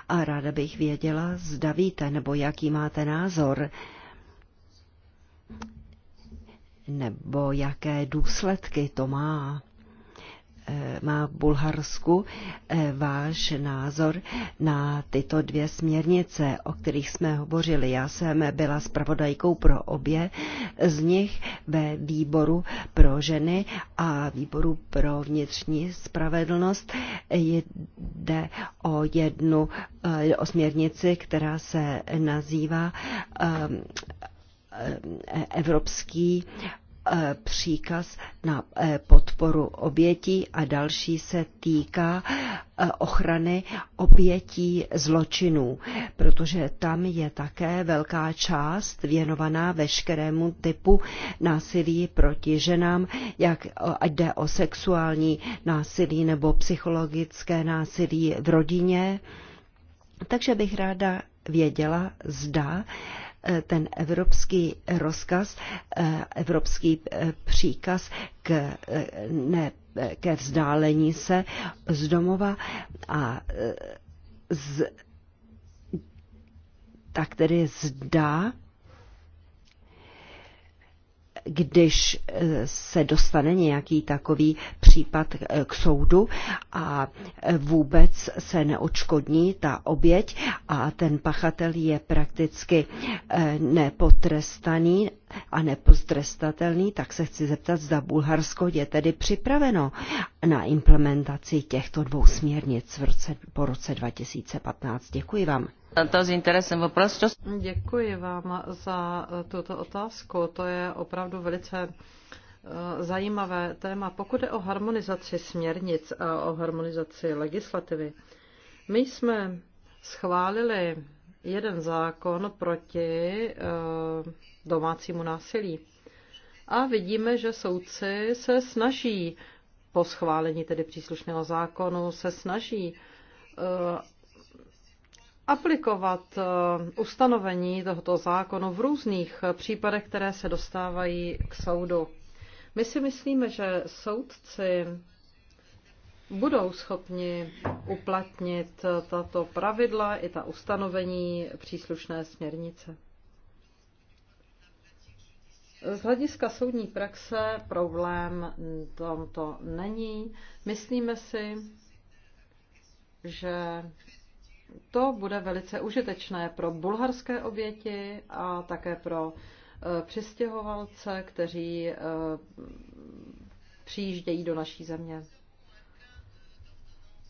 a ráda bych věděla, zda víte nebo jaký máte názor nebo jaké důsledky to má má v Bulharsku eh, váš názor na tyto dvě směrnice, o kterých jsme hovořili. Já jsem byla spravodajkou pro obě z nich ve výboru pro ženy a výboru pro vnitřní spravedlnost. Jde o jednu, eh, o směrnici, která se nazývá eh, Evropský E, příkaz na e, podporu obětí a další se týká e, ochrany obětí zločinů, protože tam je také velká část věnovaná veškerému typu násilí proti ženám, jak ať jde o sexuální násilí nebo psychologické násilí v rodině. Takže bych ráda věděla, zda Eh, ten evropský rozkaz, eh, evropský eh, příkaz k ne, ke vzdálení se z domova a z, tak tedy zdá, když eh, se dostane nějaký takový případ eh, k soudu a eh, vůbec se neočkodní ta oběť a ten pachatel je prakticky nepotrestaný a nepostrestatelný, tak se chci zeptat, zda Bulharsko je tedy připraveno na implementaci těchto dvou směrnic v roce, po roce 2015. Děkuji vám. Děkuji vám za eh, tuto otázku. To je opravdu velice eh, zajímavé téma. Pokud je o harmonizaci směrnic a o harmonizaci legislativy, my jsme schválili jeden zákon proti eh, domácímu násilí. A vidíme, že soudci se snaží po schválení tedy příslušného zákonu se snaží aplikovat eh, ustanovení tohoto zákonu v různých eh, případech, které se dostávají k soudu. My si myslíme, že soudci budou schopni uplatnit eh, tato pravidla i ta ustanovení příslušné směrnice. Z hlediska soudní praxe problém tomto není. Myslíme si, že to bude velice užitečné pro bulharské oběti a také pro eh, přistěhovalce, kteří eh, přijíždějí do naší země.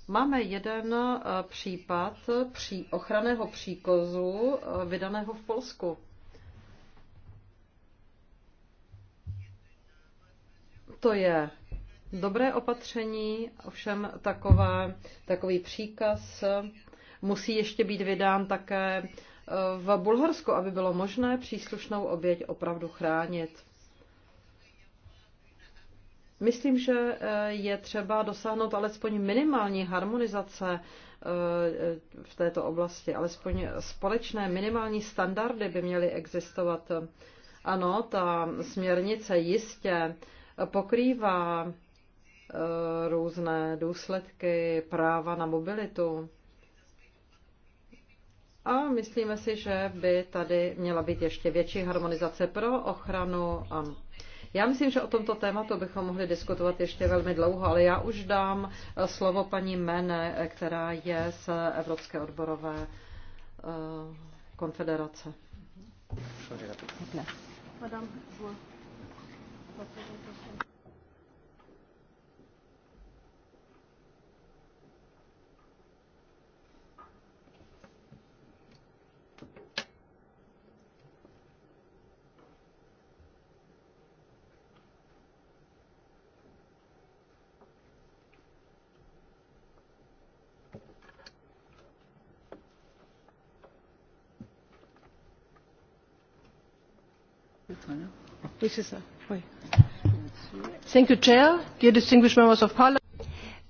Máme jeden eh, případ při ochranného příkozu vydaného v Polsku. To je dobré opatření, ovšem takové, takový příkaz musí ještě být vydán také eh, v Bulharsku, aby bylo možné příslušnou oběť opravdu chránit. Myslím, že eh, je třeba dosáhnout alespoň minimální harmonizace eh, v této oblasti, alespoň společné minimální standardy by měly existovat. Ano, ta směrnice jistě pokrývá různé důsledky práva na mobilitu. A myslíme si, že by tady měla být ještě větší harmonizace pro ochranu. Ano. Já myslím, že o tomto tématu bychom mohli diskutovat ještě velmi dlouho, ale já už dám eh, slovo paní Mene, eh, která je z Evropské odborové eh, konfederace. Madame, Oui, c'est ça. Oui. Thank you, Chair. Dear distinguished members of Parliament.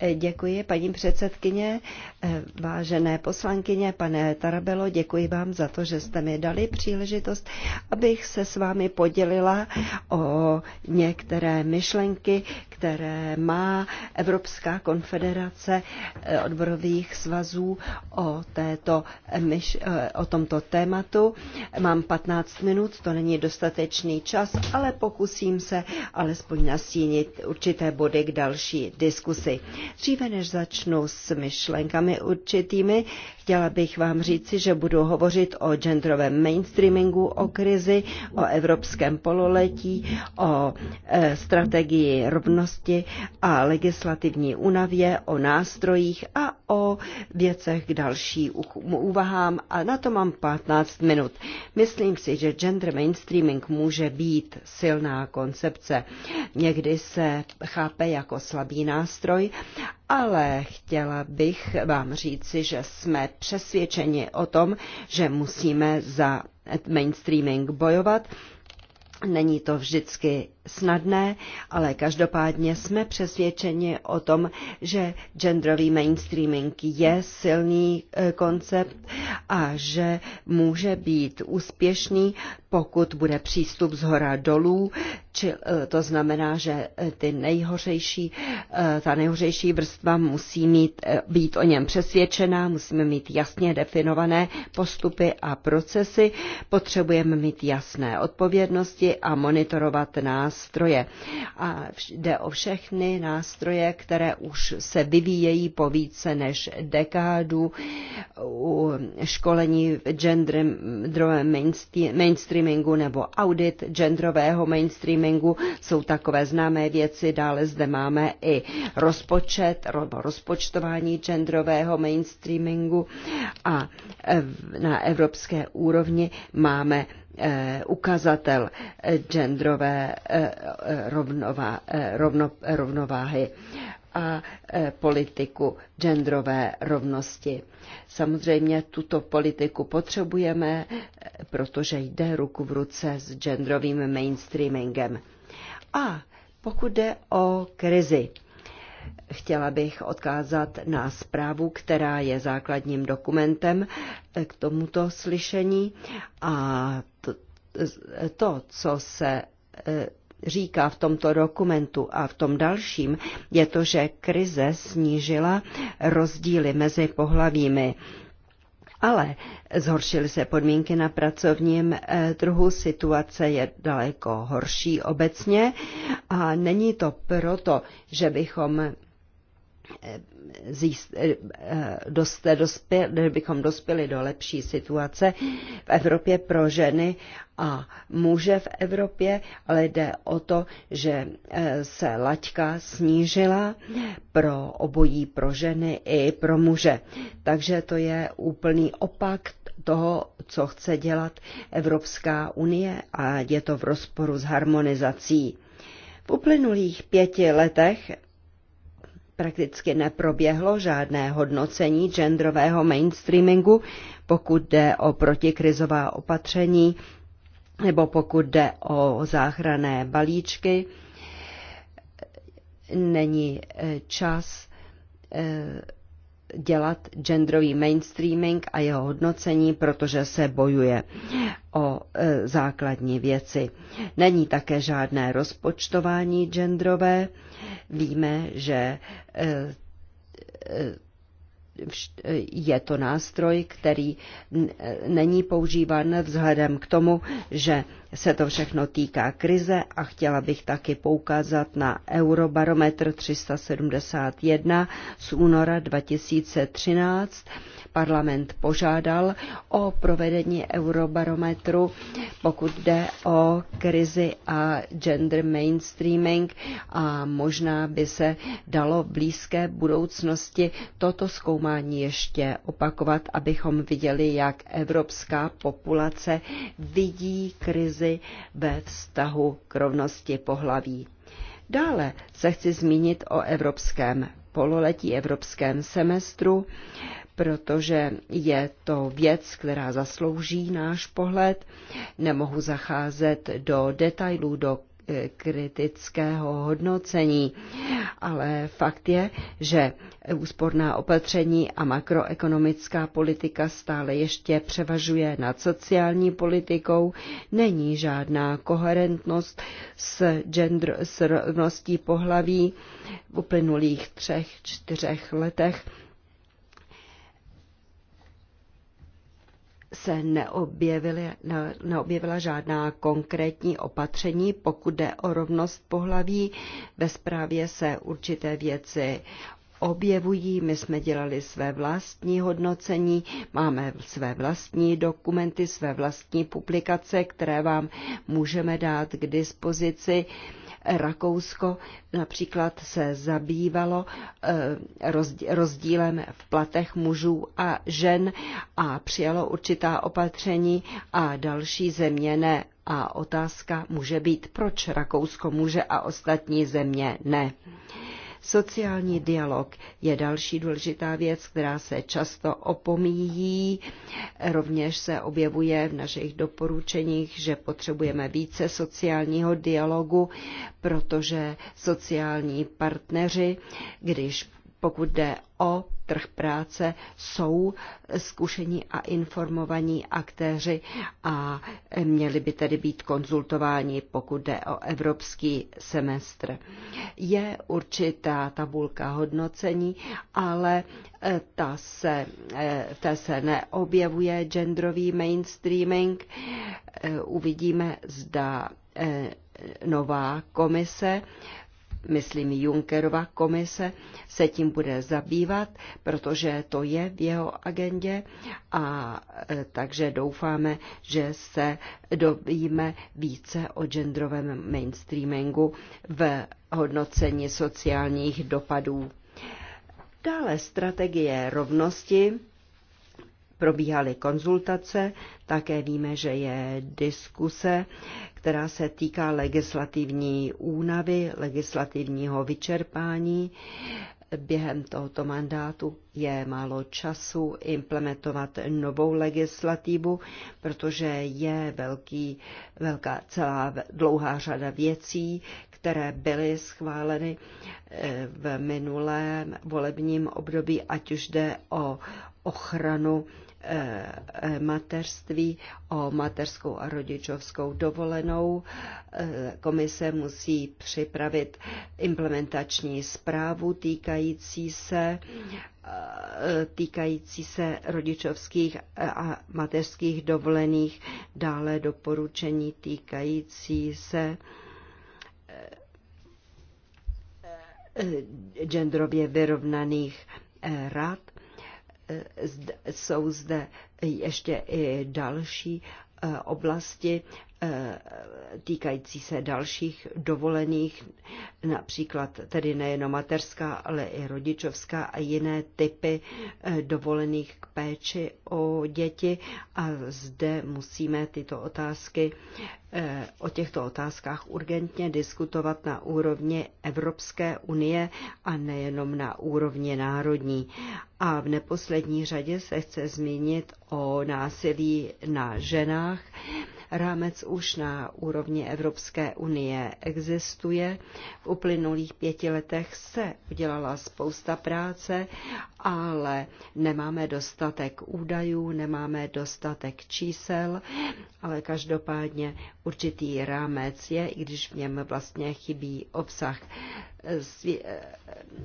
Eh, děkuji, paní předsedkyně, eh, vážené poslankyně, pane Tarabelo, děkuji vám za to, že jste mi dali příležitost, abych se s vámi podělila o některé myšlenky, které má Evropská konfederace eh, odborových svazů o, této, o tomto tématu. Mám 15 minut, to není dostatečný čas, ale pokusím se alespoň nastínit určité body k další diskusi. Dříve než začnu s myšlenkami určitými, chtěla bych vám říci, že budu hovořit o genderovém mainstreamingu, o krizi, o evropském pololetí, o e, strategii rovnosti a legislativní unavě, o nástrojích a o věcech k další úvahám a na to mám 15 minut. Myslím si, že gender mainstreaming může být silná koncepce. Někdy se chápe jako slabý nástroj, ale chtěla bych vám říci, že jsme přesvědčeni o tom, že musíme za mainstreaming bojovat. Není to vždycky snadné, ale každopádně jsme přesvědčeni o tom, že genderový mainstreaming je silný e, koncept a že může být úspěšný, pokud bude přístup z hora dolů, či e, to znamená, že e, ty nejhořejší, ta nejhořejší vrstva musí mít, být o něm přesvědčená, musíme mít jasně definované postupy a procesy, potřebujeme mít jasné odpovědnosti a monitorovat nás nástroje. A jde o všechny nástroje, které už se vyvíjejí po více než dekádu u školení v genderovém mainstreamingu nebo audit genderového mainstreamingu. Jsou takové známé věci. Dále zde máme i rozpočet, rozpočtování genderového mainstreamingu a na evropské úrovni máme Eh, ukazatel eh, genderové eh, rovnová, rovno, rovnováhy a politiku genderové rovnosti. Samozřejmě tuto politiku potřebujeme, protože jde ruku v ruce s genderovým mainstreamingem. A pokud jde o krizi, Chtěla bych odkázat na zprávu, která je základním dokumentem eh, k tomuto slyšení a to, eh, to co se eh, říká v tomto dokumentu a v tom dalším, je to, že krize snížila rozdíly mezi pohlavími. Ale zhoršily se podmínky na pracovním trhu, situace je daleko horší obecně a není to proto, že bychom Eh, eh, dost, eh, dospěli, bychom dospěli do lepší situace v Evropě pro ženy a muže v Evropě, ale jde o to, že se laťka snížila pro obojí, pro ženy i pro muže. Takže to je úplný opak toho, co chce dělat Evropská unie a je to v rozporu s harmonizací. V uplynulých pěti letech prakticky neproběhlo žádné hodnocení genderového mainstreamingu, pokud jde o protikrizová opatření nebo pokud jde o záchrané balíčky. Není eh, čas eh, dělat genderový mainstreaming a jeho hodnocení, protože se bojuje o e, základní věci. Není také žádné rozpočtování genderové. Víme, že e, e, e je to nástroj, který e, není používán vzhledem k tomu, že se to všechno týká krize a chtěla bych taky poukázat na Eurobarometr 371 z února 2013. Parlament požádal o provedení Eurobarometru, pokud jde o krizi a gender mainstreaming a možná by se dalo v blízké budoucnosti toto zkoumání ještě opakovat, abychom viděli, jak evropská populace vidí krizi dimenzi ve vztahu k rovnosti pohlaví. Dále se chci zmínit o evropském pololetí, evropském semestru, protože je to věc, která zaslouží náš pohled. Nemohu zacházet do detailů, do kritického hodnocení. Ale fakt je, že úsporná opatření a makroekonomická politika stále ještě převažuje nad sociální politikou. Není žádná koherentnost s, gender, s rovností pohlaví v uplynulých třech, čtyřech letech se neobjevila žádná konkrétní opatření, pokud jde o rovnost pohlaví. Ve zprávě se určité věci objevují. My jsme dělali své vlastní hodnocení, máme své vlastní dokumenty, své vlastní publikace, které vám můžeme dát k dispozici. Rakousko například se zabývalo eh, rozdílem v platech mužů a žen a přijalo určitá opatření a další země ne. A otázka může být, proč Rakousko může a ostatní země ne. Sociální dialog je další důležitá věc, která se často opomíjí. Rovněž se objevuje v našich doporučeních, že potřebujeme více sociálního dialogu, protože sociální partneři, když pokud jde o trh práce, jsou zkušení a informovaní aktéři a měli by tedy být konzultováni, pokud jde o evropský semestr. Je určitá tabulka hodnocení, ale eh, ta se, ta eh, té se neobjevuje genderový mainstreaming. Eh, uvidíme, zda nová komise myslím Junckerova komise, se tím bude zabývat, protože to je v jeho agendě a e, takže doufáme, že se dovíme více o genderovém mainstreamingu v hodnocení sociálních dopadů. Dále strategie rovnosti probíhaly konzultace, také víme, že je diskuse, která se týká legislativní únavy, legislativního vyčerpání, během tohoto mandátu je málo času implementovat novou legislativu, protože je velký, velká celá dlouhá řada věcí, které byly schváleny eh, v minulém volebním období, ať už jde o ochranu Eh, eh, materství o materskou a rodičovskou dovolenou. Eh, komise musí připravit implementační zprávu týkající se týkající se rodičovských a mateřských dovolených, dále doporučení týkající se genderově vyrovnaných rad E, jsou zde ještě i další e, oblasti Eh, týkající se dalších dovolených, například tedy nejenom mateřská, ale i rodičovská a jiné typy eh, dovolených k péči o děti. A zde musíme tyto otázky, eh, o těchto otázkách urgentně diskutovat na úrovni Evropské unie a nejenom na úrovni národní. A v neposlední řadě se chce zmínit o násilí na ženách. Rámec už na úrovni Evropské unie existuje. V uplynulých pěti letech se udělala spousta práce ale nemáme dostatek údajů, nemáme dostatek čísel, ale každopádně určitý rámec je, i když v něm vlastně chybí obsah. Eh,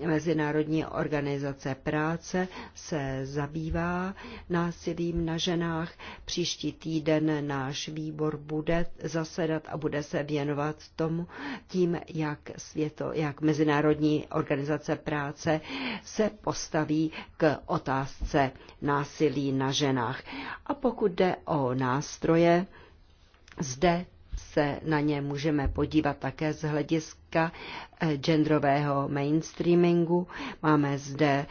Mezinárodní organizace práce se zabývá násilím na ženách. Příští týden náš výbor bude zasedat a bude se věnovat tomu, tím, jak, světo, jak Mezinárodní organizace práce se postaví k otázce násilí na ženách. A pokud jde o nástroje, zde se na ně můžeme podívat také z hlediska eh, genderového mainstreamingu. Máme zde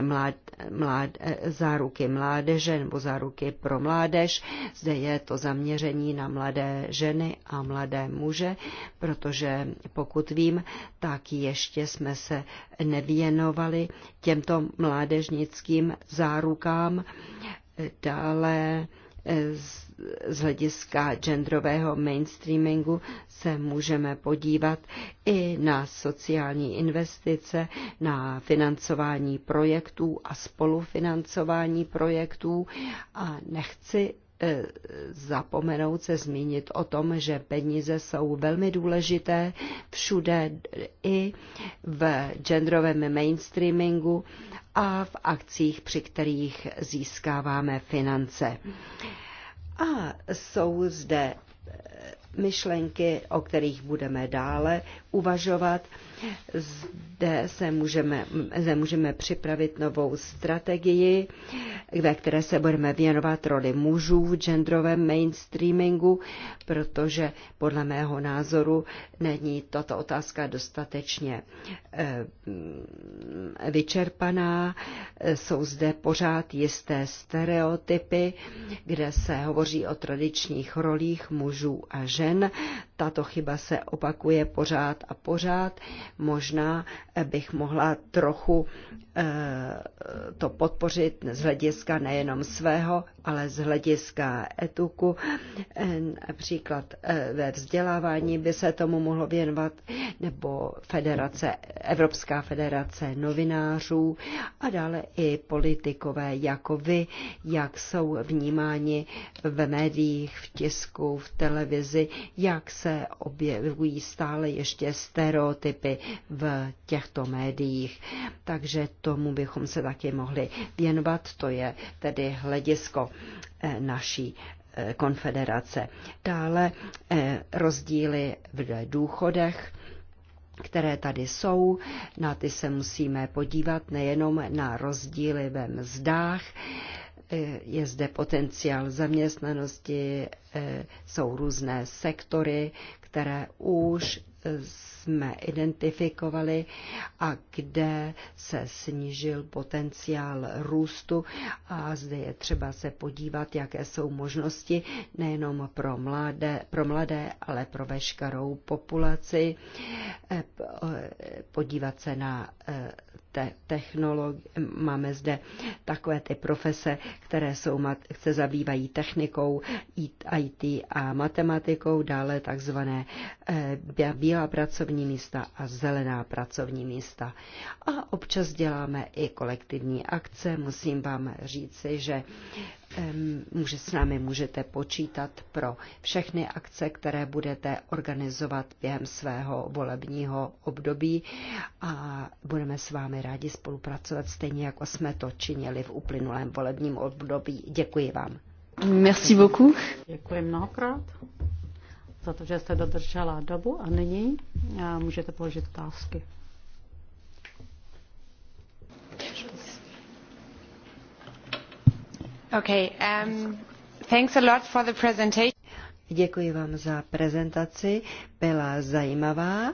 mlad, mlad, eh, záruky mládeže nebo záruky pro mládež. Zde je to zaměření na mladé ženy a mladé muže, protože pokud vím, tak ještě jsme se nevěnovali těmto mládežnickým zárukám. Dále z hlediska genderového mainstreamingu se můžeme podívat i na sociální investice, na financování projektů a spolufinancování projektů a nechci E, zapomenout se zmínit o tom, že peníze jsou velmi důležité všude i v genderovém mainstreamingu a v akcích, při kterých získáváme finance. A jsou zde myšlenky, o kterých budeme dále uvažovat. Zde se můžeme, zde můžeme připravit novou strategii, ve které se budeme věnovat roli mužů v genderovém mainstreamingu, protože podle mého názoru není tato otázka dostatečně eh, mm, vyčerpaná. Jsou zde pořád jisté stereotypy, kde se hovoří o tradičních rolích mužů a žen žen tato chyba se opakuje pořád a pořád. Možná eh, bych mohla trochu eh, to podpořit z hlediska nejenom svého, ale z hlediska etuku. Eh, například ve vzdělávání by se tomu mohlo věnovat, nebo federace, Evropská federace novinářů a dále i politikové jako vy, jak jsou vnímáni v médiích, v tisku, v televizi, jak se se objevují stále ještě stereotypy v těchto médiích. Takže tomu bychom se taky mohli věnovat. To je tedy hledisko eh, naší eh, konfederace. Dále eh, rozdíly v důchodech které tady jsou. Na ty se musíme podívat nejenom na rozdíly ve mzdách, Eh, je zde potenciál zaměstnanosti, eh, jsou různé sektory, které už eh, jsme identifikovali a kde se snížil potenciál růstu. A zde je třeba se podívat, jaké jsou možnosti nejenom pro mladé, pro mladé ale pro veškerou populaci. E, podívat se na e, te- technologi- máme zde takové ty profese, které jsou mat- se zabývají technikou, IT a matematikou, dále takzvané e, bílá pracovní pracovní místa a zelená pracovní místa. A občas děláme i kolektivní akce. Musím vám říci, že může, s námi můžete počítat pro všechny akce, které budete organizovat během svého volebního období a budeme s vámi rádi spolupracovat stejně, jako jsme to činili v uplynulém volebním období. Děkuji vám. Merci beaucoup. Děkuji mnohokrát za to, že jste dodržela dobu a nyní můžete položit otázky. Okay, um, thanks a lot for the presentation. Děkuji vám za prezentaci, byla zajímavá,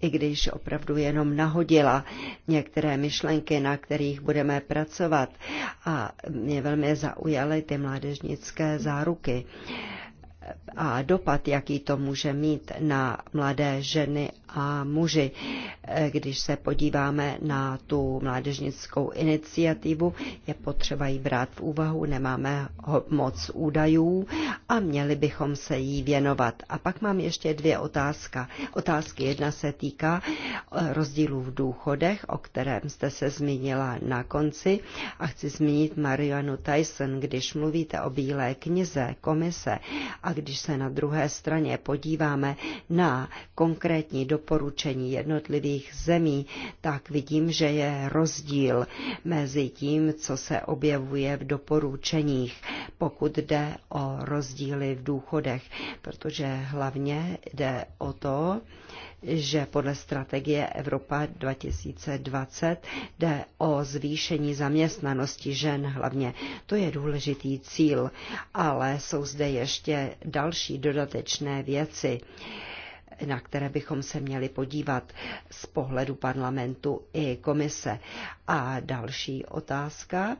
i když opravdu jenom nahodila některé myšlenky, na kterých budeme pracovat. A mě velmi zaujaly ty mládežnické záruky. Uh, a dopad, jaký to může mít na mladé ženy a muži. Eh, když se podíváme na tu mládežnickou iniciativu, je potřeba ji brát v úvahu, nemáme moc údajů a měli bychom se jí věnovat. A pak mám ještě dvě otázka. Otázky jedna se týká eh, rozdílů v důchodech, o kterém jste se zmínila na konci a chci zmínit Marianu Tyson, když mluvíte o Bílé knize komise a když se na druhé straně podíváme na konkrétní doporučení jednotlivých zemí, tak vidím, že je rozdíl mezi tím, co se objevuje v doporučeních, pokud jde o rozdíly v důchodech, protože hlavně jde o to, že podle strategie Evropa 2020 jde o zvýšení zaměstnanosti žen hlavně. To je důležitý cíl, ale jsou zde ještě další dodatečné věci na které bychom se měli podívat z pohledu parlamentu i komise. A další otázka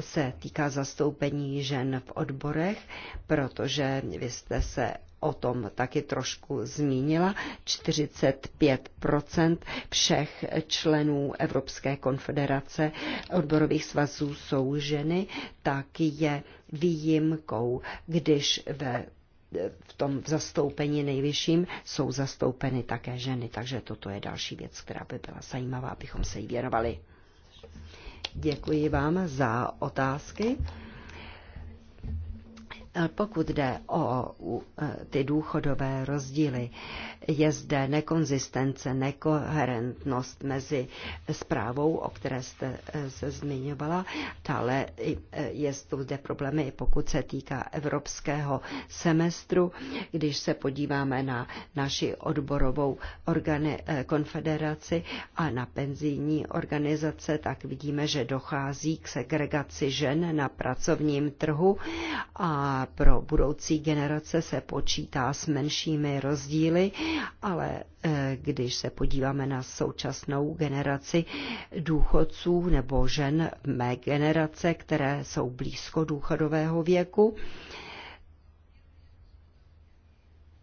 se týká zastoupení žen v odborech, protože vy jste se o tom taky trošku zmínila. 45 všech členů Evropské konfederace odborových svazů jsou ženy, tak je výjimkou, když ve v tom zastoupení nejvyšším jsou zastoupeny také ženy, takže toto je další věc, která by byla zajímavá, abychom se jí věnovali. Děkuji vám za otázky. Pokud jde o e, ty důchodové rozdíly, je zde nekonzistence, nekoherentnost mezi zprávou, o které jste e, se zmiňovala, ale e, je tu zde problémy, i pokud se týká evropského semestru. Když se podíváme na naši odborovou organi- konfederaci a na penzijní organizace, tak vidíme, že dochází k segregaci žen na pracovním trhu a pro budoucí generace se počítá s menšími rozdíly, ale eh, když se podíváme na současnou generaci důchodců nebo žen mé generace, které jsou blízko důchodového věku,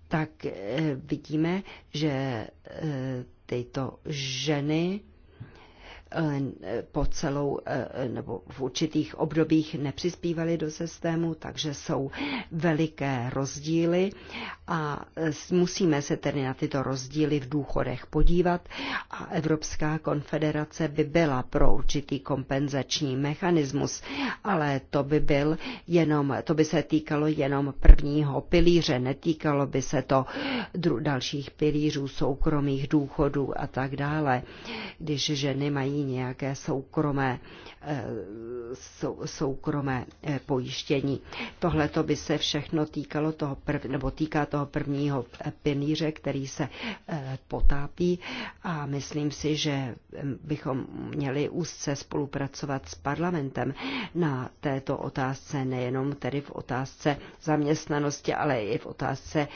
tak eh, vidíme, že eh, tyto ženy Eh, po celou eh, nebo v určitých obdobích nepřispívali do systému, takže jsou veliké rozdíly a eh, musíme se tedy na tyto rozdíly v důchodech podívat a Evropská konfederace by byla pro určitý kompenzační mechanismus, ale to by byl jenom, to by se týkalo jenom prvního pilíře, netýkalo by se to dalších pilířů, soukromých důchodů a tak dále. Když ženy mají nějaké soukromé, eh, sou, soukromé eh, pojištění. Tohle to by se všechno týkalo toho prv, nebo týká toho prvního eh, pilíře, který se potápí a myslím si, že mm, bychom měli úzce spolupracovat s parlamentem na této otázce, nejenom tedy v otázce zaměstnanosti, ale i v otázce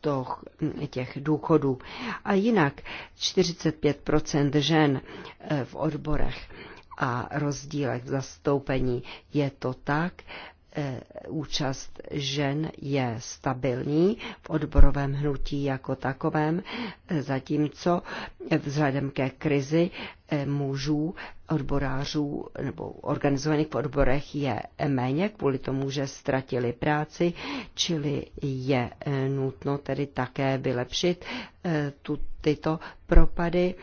toch, mm, těch důchodů. A jinak 45 žen v odborech a rozdílech v zastoupení. Je to tak, eh, účast žen je stabilní v odborovém hnutí jako takovém, eh, zatímco vzhledem ke krizi eh, mužů, odborářů nebo organizovaných v odborech je méně kvůli tomu, že ztratili práci, čili je nutno tedy také vylepšit tu, tyto propady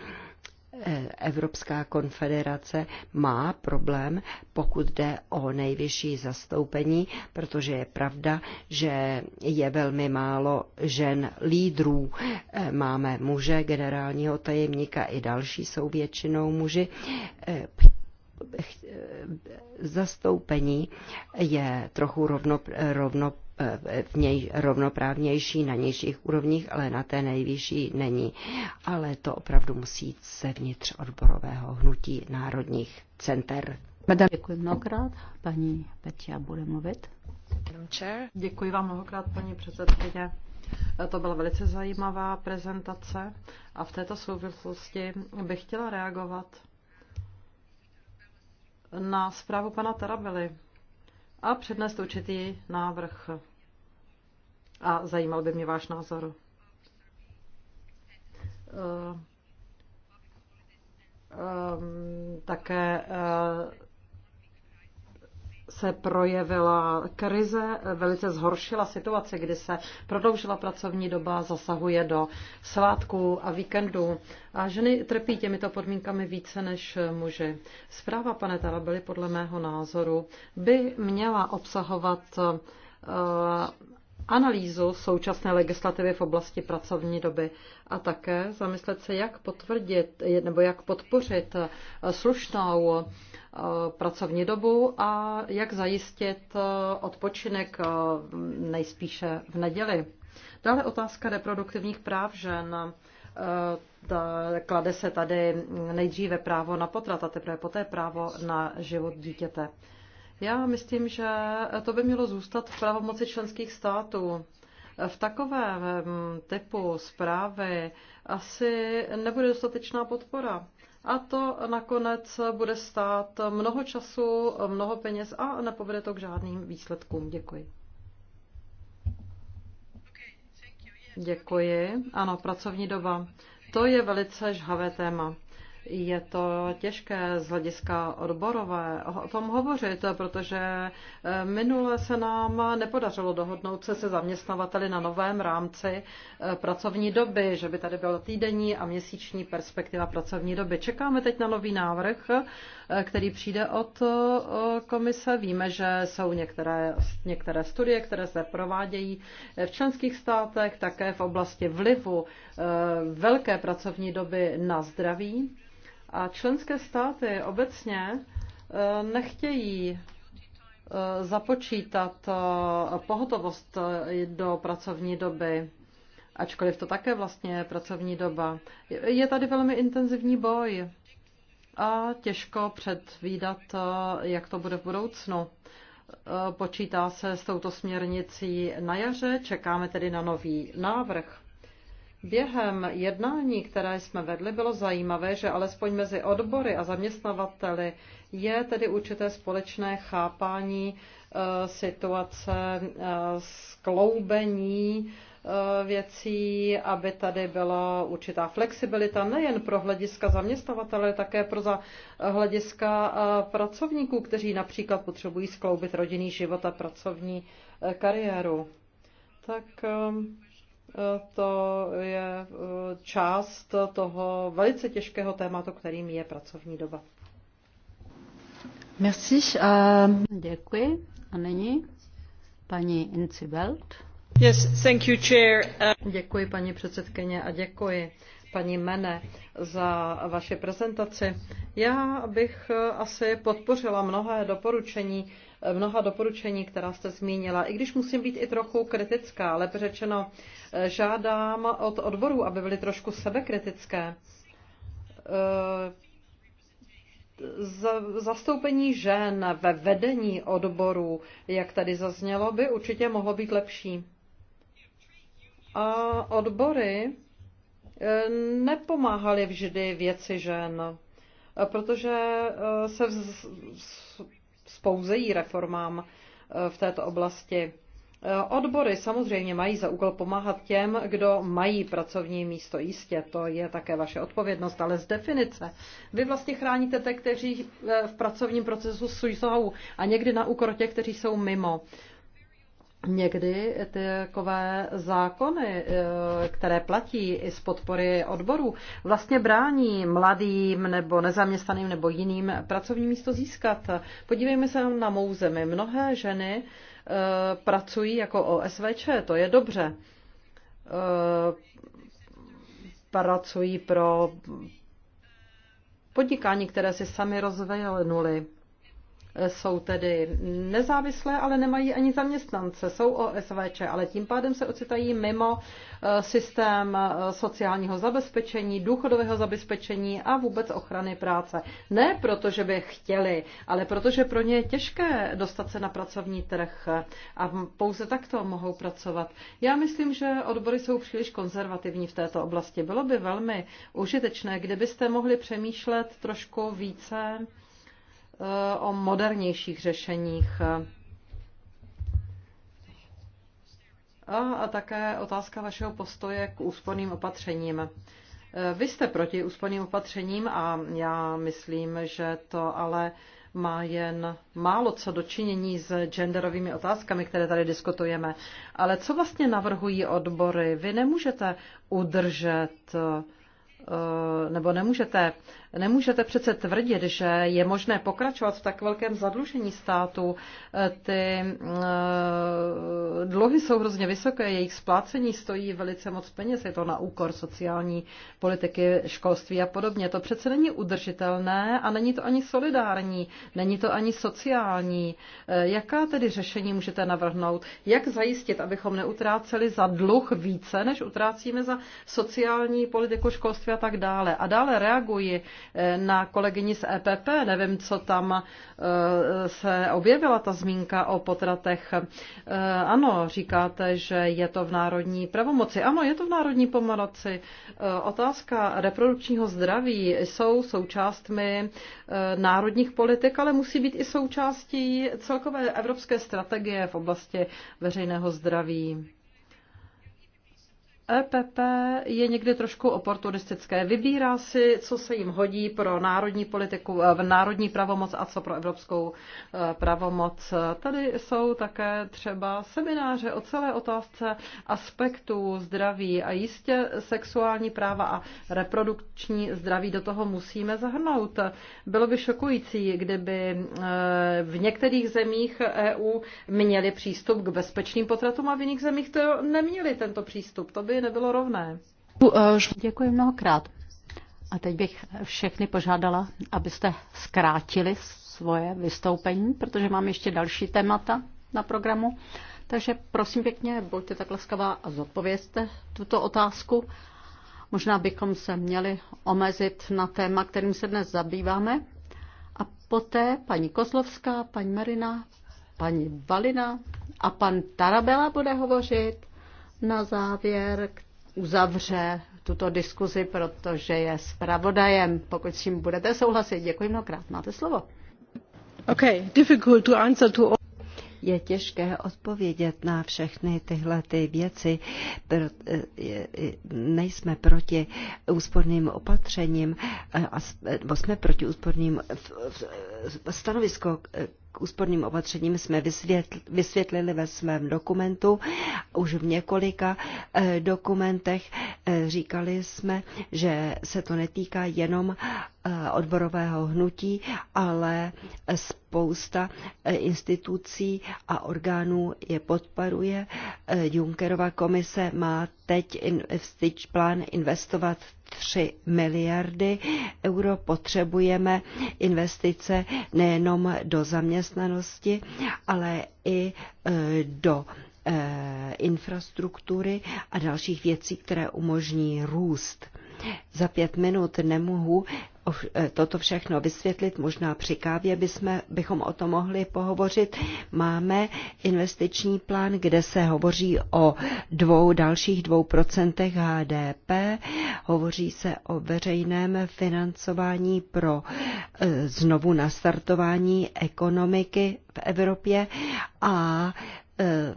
E, Evropská konfederace má problém, pokud jde o nejvyšší zastoupení, protože je pravda, že je velmi málo žen lídrů. E, máme muže, generálního tajemníka i další jsou většinou muži e, zastoupení je trochu rovno, rovno v něj rovnoprávnější na nižších úrovních, ale na té nejvyšší není. Ale to opravdu musí jít zevnitř odborového hnutí národních center. Madame. Děkuji mnohokrát. Paní Petia bude mluvit. Děkuji vám mnohokrát, paní předsedkyně. To byla velice zajímavá prezentace a v této souvislosti bych chtěla reagovat na zprávu pana Tarabely a přednést určitý návrh a zajímal by mě váš názor. Eh, eh, také eh, se projevila krize, velice zhoršila situace, kdy se prodloužila pracovní doba, zasahuje do svátků a víkendů. A ženy trpí těmito podmínkami více než muži. Zpráva pane Tarabely podle mého názoru by měla obsahovat analýzu současné legislativy v oblasti pracovní doby a také zamyslet se, jak potvrdit nebo jak podpořit eh, slušnou eh, pracovní dobu a jak zajistit eh, odpočinek nejspíše v neděli. Dále otázka reproduktivních práv žen. Klade se tady nejdříve právo na potrat a teprve poté právo na život dítěte. Já myslím, že to by mělo zůstat v pravomoci členských států. V takovém typu zprávy asi nebude dostatečná podpora. A to nakonec bude stát mnoho času, mnoho peněz a nepovede to k žádným výsledkům. Děkuji. Děkuji. Ano, pracovní doba. To je velice žhavé téma je to těžké z hlediska odborové o tom hovořit, protože e, minule se nám nepodařilo dohodnout se se zaměstnavateli na novém rámci e, pracovní doby, že by tady byla týdenní a měsíční perspektiva pracovní doby. Čekáme teď na nový návrh který přijde od komise. Víme, že jsou některé, některé studie, které se provádějí v členských státech, také v oblasti vlivu e, velké pracovní doby na zdraví. A členské státy obecně e, nechtějí e, započítat pohotovost do pracovní doby, ačkoliv to také vlastně je pracovní doba. Je tady velmi intenzivní boj a těžko předvídat, eh, jak to bude v budoucnu. Eh, počítá se s touto směrnicí na jaře, čekáme tedy na nový návrh. Během jednání, které jsme vedli, bylo zajímavé, že alespoň mezi odbory a zaměstnavateli je tedy určité společné chápání eh, situace, skloubení Eh, věcí, aby tady byla určitá flexibilita nejen pro hlediska zaměstnavatele, ale také pro za eh, hlediska eh, pracovníků, kteří například potřebují skloubit rodinný život a pracovní kariéru. Tak ehm, to je část toho velice těžkého tématu, kterým je pracovní doba. Merci. Děkuji. A nyní paní Incibelt. Uh, děkuji, paní předsedkyně, a děkuji, paní Mene, za vaši prezentaci. Já bych uh, asi podpořila mnohé doporučení, eh, mnoha doporučení, která jste zmínila. I když musím být i trochu kritická, lépe řečeno, eh, žádám od odborů, aby byly trošku sebekritické. Eh, zastoupení žen ve vedení odborů, jak tady zaznělo, by určitě mohlo být lepší. A odbory eh, nepomáhaly vždy věci žen, protože eh, se spouzejí reformám eh, v této oblasti. Odbory samozřejmě mají za úkol pomáhat těm, kdo mají pracovní místo. Jistě, to je také vaše odpovědnost, ale z definice. Vy vlastně chráníte ty, kteří v pracovním procesu jsou a někdy na úkor těch, kteří jsou mimo. Někdy ty takové zákony, eh, které platí i z podpory odborů, vlastně brání mladým nebo nezaměstnaným nebo jiným pracovní místo získat. Podívejme se na mou zemi. Mnohé ženy eh, pracují jako OSVČ, to je dobře. Eh, pracují pro podnikání, které si sami rozvinuli jsou tedy nezávislé, ale nemají ani zaměstnance, jsou OSVČ, ale tím pádem se ocitají mimo eh, systém eh, sociálního zabezpečení, důchodového zabezpečení a vůbec ochrany práce. Ne proto, že by chtěli, ale protože pro ně je těžké dostat se na pracovní trh a pouze takto mohou pracovat. Já myslím, že odbory jsou příliš konzervativní v této oblasti. Bylo by velmi užitečné, kdybyste mohli přemýšlet trošku více o modernějších řešeních. A, a také otázka vašeho postoje k úsporným opatřením. Vy jste proti úsporným opatřením a já myslím, že to ale má jen málo co dočinění s genderovými otázkami, které tady diskutujeme. Ale co vlastně navrhují odbory? Vy nemůžete udržet eh, nebo nemůžete Nemůžete přece tvrdit, že je možné pokračovat v tak velkém zadlužení státu. E, ty e, dluhy jsou hrozně vysoké, jejich splácení stojí velice moc peněz, je to na úkor sociální politiky, školství a podobně. To přece není udržitelné a není to ani solidární, není to ani sociální. E, jaká tedy řešení můžete navrhnout? Jak zajistit, abychom neutráceli za dluh více, než utrácíme za sociální politiku, školství a tak dále? A dále reaguji Eh, na kolegyni z EPP. Nevím, co tam eh, se objevila ta zmínka o potratech. Eh, ano, říkáte, že je to v národní pravomoci. Ano, je to v národní pomoci. Otázka reprodukčního zdraví jsou součástmi národních politik, ale musí být i součástí celkové evropské strategie v oblasti veřejného zdraví. EPP je někdy trošku oportunistické. Vybírá si, co se jim hodí pro národní politiku, eh, v národní pravomoc a co pro evropskou eh, pravomoc. Tady jsou také třeba semináře o celé otázce aspektů zdraví a jistě sexuální práva a reprodukční zdraví do toho musíme zahrnout. Bylo by šokující, kdyby eh, v některých zemích EU měli přístup k bezpečným potratům a v jiných zemích to neměli tento přístup. To by nebylo rovné. Eh, Děkuji mnohokrát. A teď bych všechny požádala, abyste zkrátili svoje vystoupení, protože mám ještě další témata na programu. Takže prosím pěkně, buďte tak laskavá a zodpovězte tuto otázku. Možná bychom se měli omezit na téma, kterým se dnes zabýváme. A poté paní Kozlovská, paní Marina, paní Valina a pan Tarabela bude hovořit na závěr uzavře tuto diskuzi, protože je zpravodajem. Pokud s tím budete souhlasit, děkuji mnohokrát. Máte slovo. Okay, difficult to answer to all je těžké odpovědět na všechny tyhle ty věci. Eh, nejsme proti úsporným opatřením, eh, eh, nebo jsme proti úsporným stanovisko k úsporným opatřením jsme vysvětlili ve svém dokumentu, už v několika eh, dokumentech. Eh, říkali jsme, že se to netýká jenom Eh, odborového hnutí, ale spousta eh, institucí a orgánů je podporuje. Eh, Junckerova komise má teď investič, plán investovat 3 miliardy euro. Potřebujeme investice nejenom do zaměstnanosti, ale i do infrastruktury a dalších věcí, které umožní růst za pět minut nemohu eh, toto všechno vysvětlit. Možná při kávě bychom, bychom o tom mohli pohovořit. Máme investiční plán, kde se hovoří o dvou dalších dvou procentech HDP. Hovoří se o veřejném financování pro eh, znovu nastartování ekonomiky v Evropě a eh,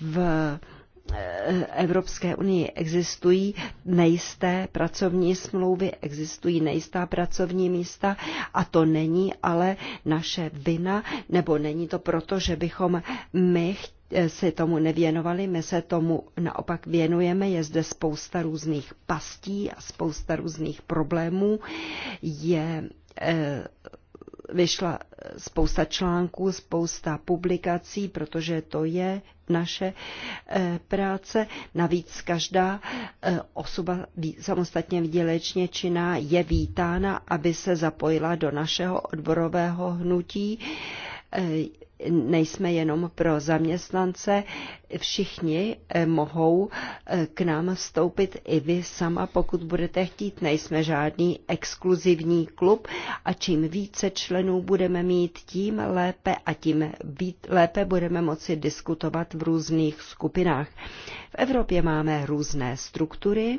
v Evropské unii existují nejisté pracovní smlouvy, existují nejistá pracovní místa a to není ale naše vina, nebo není to proto, že bychom my si tomu nevěnovali, my se tomu naopak věnujeme, je zde spousta různých pastí a spousta různých problémů, je eh, vyšla spousta článků, spousta publikací, protože to je naše eh, práce. Navíc každá eh, osoba samostatně výdělečně činná je vítána, aby se zapojila do našeho odborového hnutí eh, nejsme jenom pro zaměstnance, všichni eh, mohou eh, k nám vstoupit i vy sama, pokud budete chtít. Nejsme žádný exkluzivní klub a čím více členů budeme mít, tím lépe a tím být, lépe budeme moci diskutovat v různých skupinách. V Evropě máme různé struktury,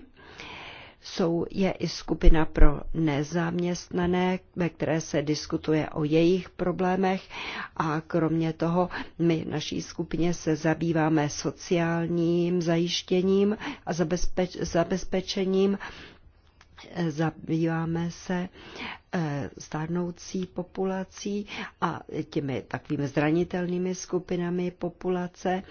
jsou, je i skupina pro nezaměstnané, ve které se diskutuje o jejich problémech a kromě toho my v naší skupině se zabýváme sociálním zajištěním a zabezpeč, zabezpečením zabýváme se eh, stárnoucí populací a těmi takovými zranitelnými skupinami populace,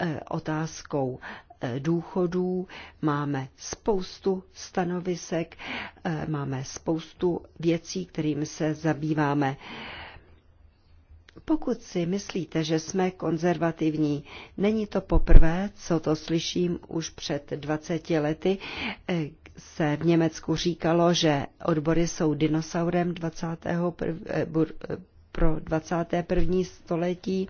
eh, otázkou Eh, důchodů, máme spoustu stanovisek, eh, máme spoustu věcí, kterým se zabýváme. Pokud si myslíte, že jsme konzervativní, není to poprvé, co to slyším už před 20 lety, eh, se v Německu říkalo, že odbory jsou dinosaurem 20. pro 21. století.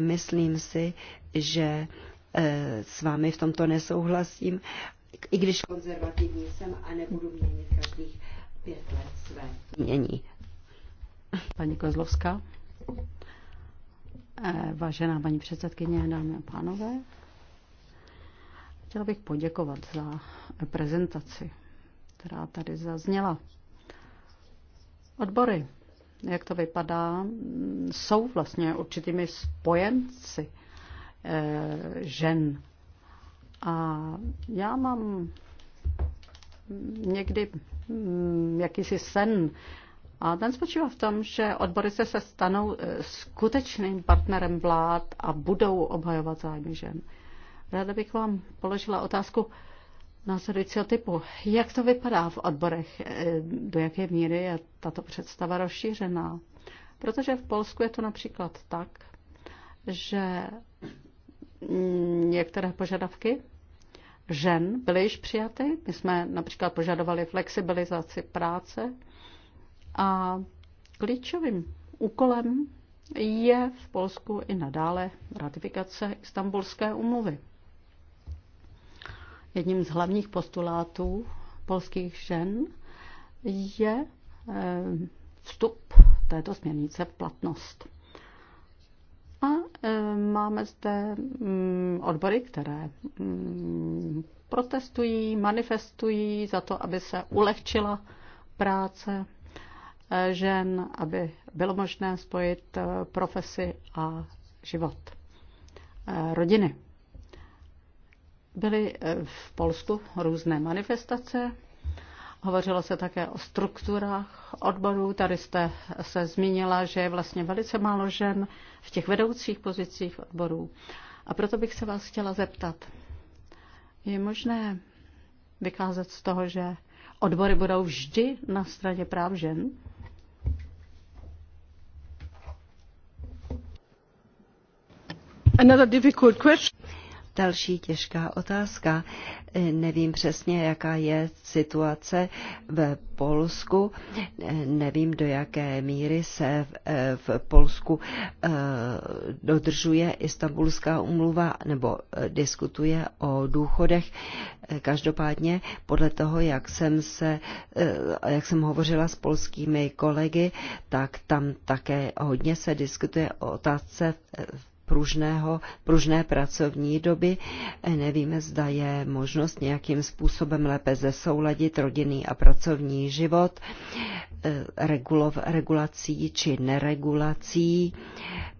Myslím si, že Eh, s vámi v tomto nesouhlasím, i když konzervativní jsem a nebudu měnit každých pět let své mění. Paní Kozlovská. Eh, vážená paní předsedkyně, dámy a pánové, chtěla bych poděkovat za prezentaci, která tady zazněla. Odbory, jak to vypadá, jsou vlastně určitými spojenci Eh, žen. A já mám někdy mm, jakýsi sen, a ten spočívá v tom, že odbory se stanou eh, skutečným partnerem vlád a budou obhajovat zájmy žen. Ráda bych vám položila otázku následujícího typu. Jak to vypadá v odborech? Eh, do jaké míry je tato představa rozšířená? Protože v Polsku je to například tak, že některé požadavky žen byly již přijaty. My jsme například požadovali flexibilizaci práce a klíčovým úkolem je v Polsku i nadále ratifikace Istanbulské umluvy. Jedním z hlavních postulátů polských žen je eh, vstup této směrnice v platnost. A e, máme zde mm, odbory, které mm, protestují, manifestují za to, aby se ulehčila práce e, žen, aby bylo možné spojit e, profesi a život rodiny. Byly v Polsku různé manifestace, Hovořilo se také o strukturách odborů. Tady jste se zmínila, že je vlastně velice málo žen v těch vedoucích pozicích odborů. A proto bych se vás chtěla zeptat. Je možné vykázat z toho, že odbory budou vždy na straně práv žen? Another difficult question další těžká otázka. Eh, nevím přesně, jaká je situace v Polsku. Eh, nevím, do jaké míry se v eh, Polsku dodržuje Istanbulská umluva nebo diskutuje o důchodech. Každopádně podle toho, jak jsem, se, jak jsem hovořila s polskými kolegy, tak tam také hodně se diskutuje o otázce pružného, pružné pracovní doby. Eh, nevíme, zda je možnost nějakým způsobem lépe zesouladit rodinný a pracovní život eh, regulov, regulací či neregulací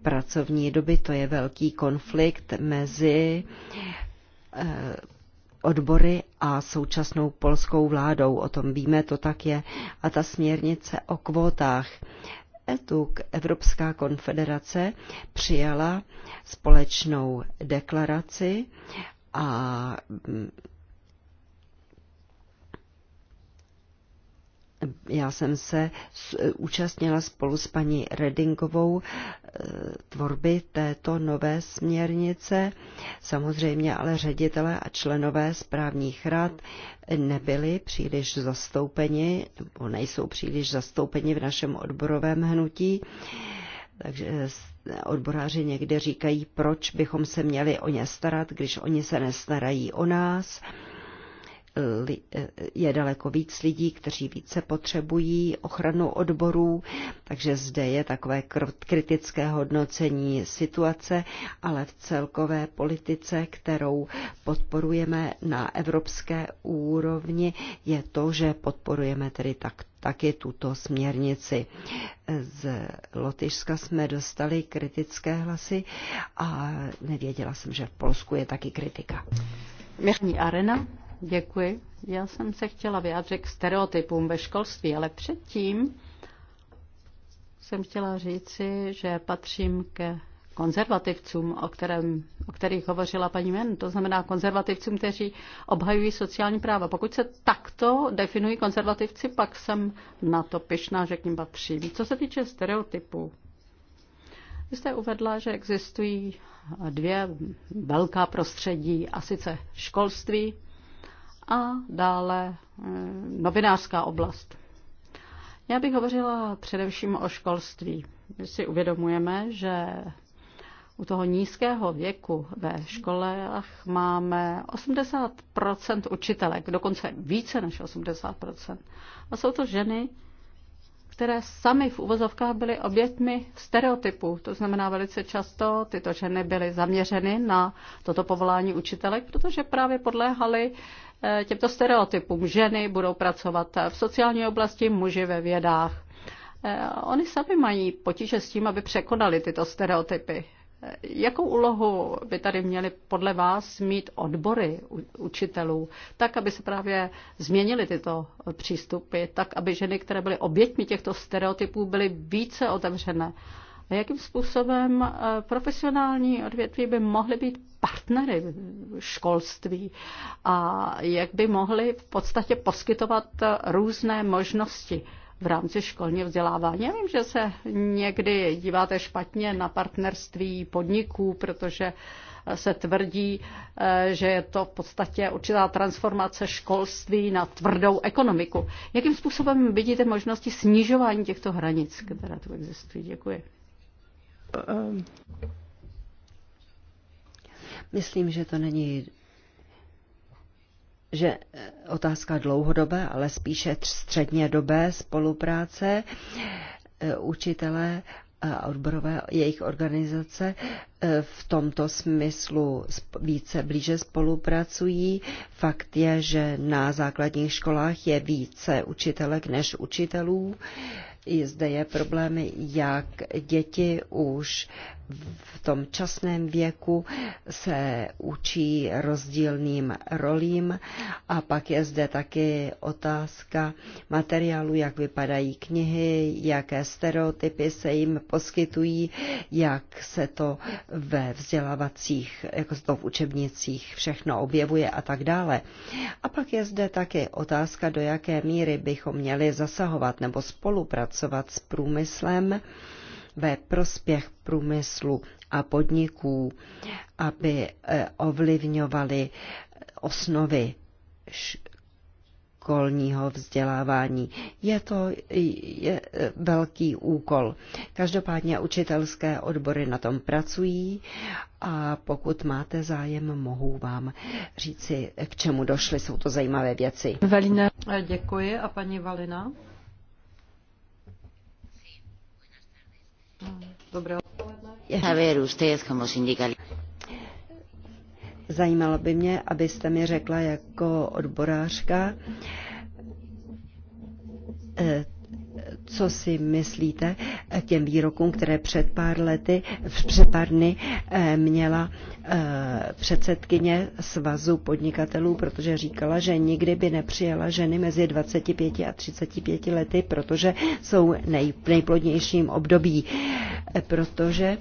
pracovní doby. To je velký konflikt mezi eh, odbory a současnou polskou vládou. O tom víme, to tak je. A ta směrnice o kvótách ETUK, Evropská konfederace, přijala společnou deklaraci a mm, já jsem se e, účastnila spolu s paní Redingovou e, tvorby této nové směrnice. Samozřejmě ale ředitele a členové správních rad nebyli příliš zastoupeni, nebo nejsou příliš zastoupeni v našem odborovém hnutí. Takže odboráři někde říkají, proč bychom se měli o ně starat, když oni se nestarají o nás je daleko víc lidí, kteří více potřebují ochranu odborů, takže zde je takové kritické hodnocení situace, ale v celkové politice, kterou podporujeme na evropské úrovni, je to, že podporujeme tedy tak, taky tuto směrnici. Z Lotyšska jsme dostali kritické hlasy a nevěděla jsem, že v Polsku je taky kritika. Arena. Děkuji. Já jsem se chtěla vyjádřit k stereotypům ve školství, ale předtím jsem chtěla říci, že patřím ke konzervativcům, o, kterém, o kterých hovořila paní Men, to znamená konzervativcům, kteří obhajují sociální práva. Pokud se takto definují konzervativci, pak jsem na to pyšná, že k ním patřím. Co se týče stereotypů, vy jste uvedla, že existují dvě velká prostředí, a sice školství a dále eh, novinářská oblast. Já bych hovořila především o školství. My si uvědomujeme, že u toho nízkého věku ve školách máme 80 učitelek, dokonce více než 80 A jsou to ženy, které sami v uvozovkách byly obětmi stereotypů. To znamená, velice často tyto ženy byly zaměřeny na toto povolání učitelek, protože právě podléhaly eh, těmto stereotypům. Ženy budou pracovat v sociální oblasti, muži ve vědách. Eh, oni sami mají potíže s tím, aby překonali tyto stereotypy. Jakou úlohu by tady měly podle vás mít odbory učitelů, tak aby se právě změnily tyto přístupy, tak aby ženy, které byly oběťmi těchto stereotypů, byly více otevřené? A jakým způsobem eh, profesionální odvětví by mohly být partnery školství a jak by mohly v podstatě poskytovat eh, různé možnosti? v rámci školního vzdělávání. Já vím, že se někdy díváte špatně na partnerství podniků, protože se tvrdí, eh, že je to v podstatě určitá transformace školství na tvrdou ekonomiku. Jakým způsobem vidíte možnosti snižování těchto hranic, které tu existují? Děkuji. Myslím, že to není že e, otázka dlouhodobé, ale spíše středně dobé spolupráce e, učitelé a odborové jejich organizace e, v tomto smyslu více blíže spolupracují. Fakt je, že na základních školách je více učitelek než učitelů. I zde je problém, jak děti už v tom časném věku se učí rozdílným rolím a pak je zde taky otázka materiálu, jak vypadají knihy, jaké stereotypy se jim poskytují, jak se to ve vzdělávacích, jako se to v učebnicích všechno objevuje a tak dále. A pak je zde taky otázka, do jaké míry bychom měli zasahovat nebo spolupracovat s průmyslem, ve prospěch průmyslu a podniků, aby eh, ovlivňovali eh, osnovy školního vzdělávání. Je to je eh, velký úkol. Každopádně učitelské odbory na tom pracují a pokud máte zájem, mohu vám říci, k čemu došly, Jsou to zajímavé věci. Valina. Děkuji. A paní Valina? Dobré odpoledne. Zajímalo by mě, abyste mi řekla jako odborářka, eh, co si myslíte k těm výrokům, které před pár lety, před pár dny eh, měla eh, předsedkyně Svazu podnikatelů, protože říkala, že nikdy by nepřijela ženy mezi 25 a 35 lety, protože jsou nej, v nejplodnějším období. Eh, protože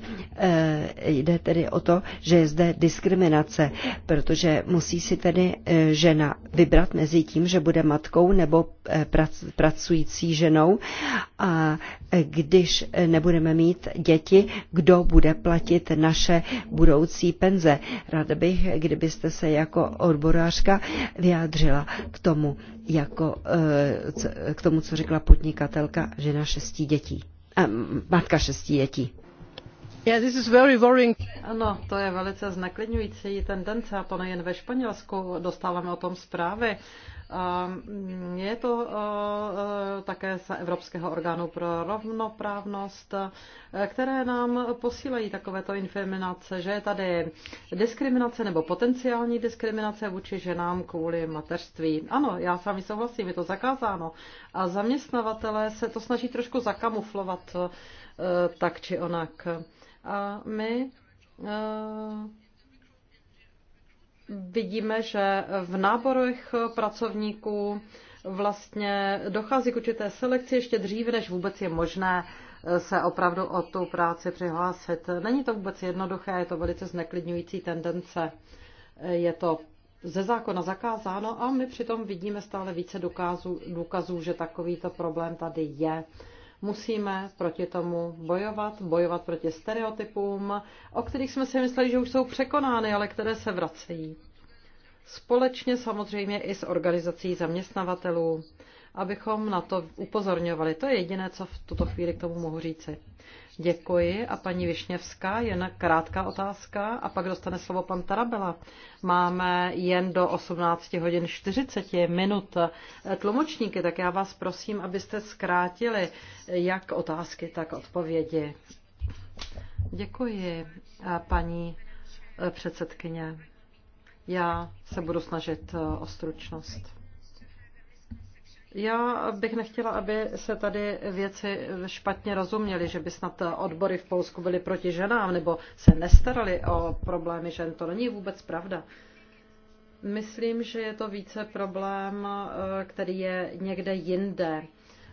jde tedy o to, že je zde diskriminace, protože musí si tedy žena vybrat mezi tím, že bude matkou nebo pracující ženou a když nebudeme mít děti, kdo bude platit naše budoucí penze? Rád bych, kdybyste se jako odborářka vyjádřila k tomu, jako, eh, k tomu co řekla podnikatelka žena šesti dětí. Eh, matka šesti dětí. Yeah, this is very worrying. Ano, to je velice zneklidňující tendence a to nejen ve Španělsku. Dostáváme o tom zprávy je to eh, eh, také z Evropského orgánu pro rovnoprávnost, eh, které nám posílají takovéto informace, že je tady diskriminace nebo potenciální diskriminace vůči ženám kvůli mateřství. Ano, já s vámi souhlasím, je to zakázáno. A zaměstnavatele se to snaží trošku zakamuflovat tak či onak. A my vidíme, že v náborech pracovníků vlastně dochází k určité selekci ještě dříve, než vůbec je možné se opravdu o tu práci přihlásit. Není to vůbec jednoduché, je to velice zneklidňující tendence. Je to ze zákona zakázáno a my přitom vidíme stále více důkazů, důkazů že takovýto problém tady je. Musíme proti tomu bojovat, bojovat proti stereotypům, o kterých jsme si mysleli, že už jsou překonány, ale které se vracejí. Společně samozřejmě i s organizací zaměstnavatelů, abychom na to upozorňovali. To je jediné, co v tuto chvíli k tomu mohu říci. Děkuji. A paní Višněvská, jen krátká otázka a pak dostane slovo pan Tarabela. Máme jen do 18 hodin 40 minut tlumočníky, tak já vás prosím, abyste zkrátili jak otázky, tak odpovědi. Děkuji, paní e, předsedkyně. Já se budu snažit e, o stručnost. Já bych nechtěla, aby se tady věci špatně rozuměly, že by snad odbory v Polsku byly proti ženám nebo se nestarali o problémy žen. To není vůbec pravda. Myslím, že je to více problém, eh, který je někde jinde.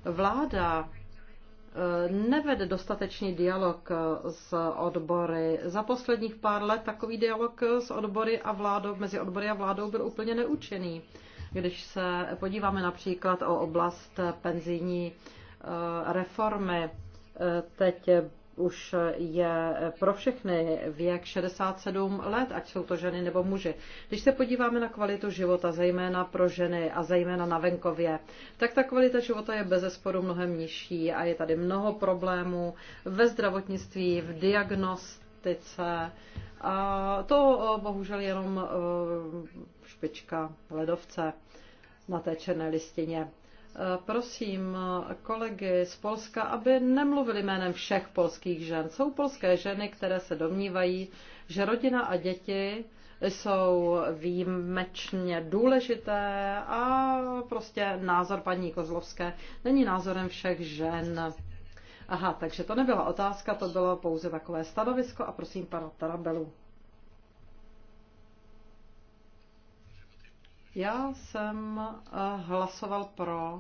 Vláda eh, nevede dostatečný dialog eh, s odbory. Za posledních pár let takový dialog s odbory a vládou, mezi odbory a vládou byl úplně neúčinný. Když se podíváme například o oblast penzijní eh, reformy, eh, teď už je pro všechny věk 67 let, ať jsou to ženy nebo muži. Když se podíváme na kvalitu života, zejména pro ženy a zejména na venkově, tak ta kvalita života je bez mnohem nižší a je tady mnoho problémů ve zdravotnictví, v diagnost, energetice. A to eh, bohužel jenom eh, špička ledovce na té černé listině. Eh, prosím kolegy z Polska, aby nemluvili jménem všech polských žen. Jsou polské ženy, které se domnívají, že rodina a děti jsou výjimečně důležité a prostě názor paní Kozlovské není názorem všech žen. Aha, takže to nebyla otázka, to bylo pouze takové stanovisko a prosím pana Tarabelu. Já jsem eh, hlasoval pro.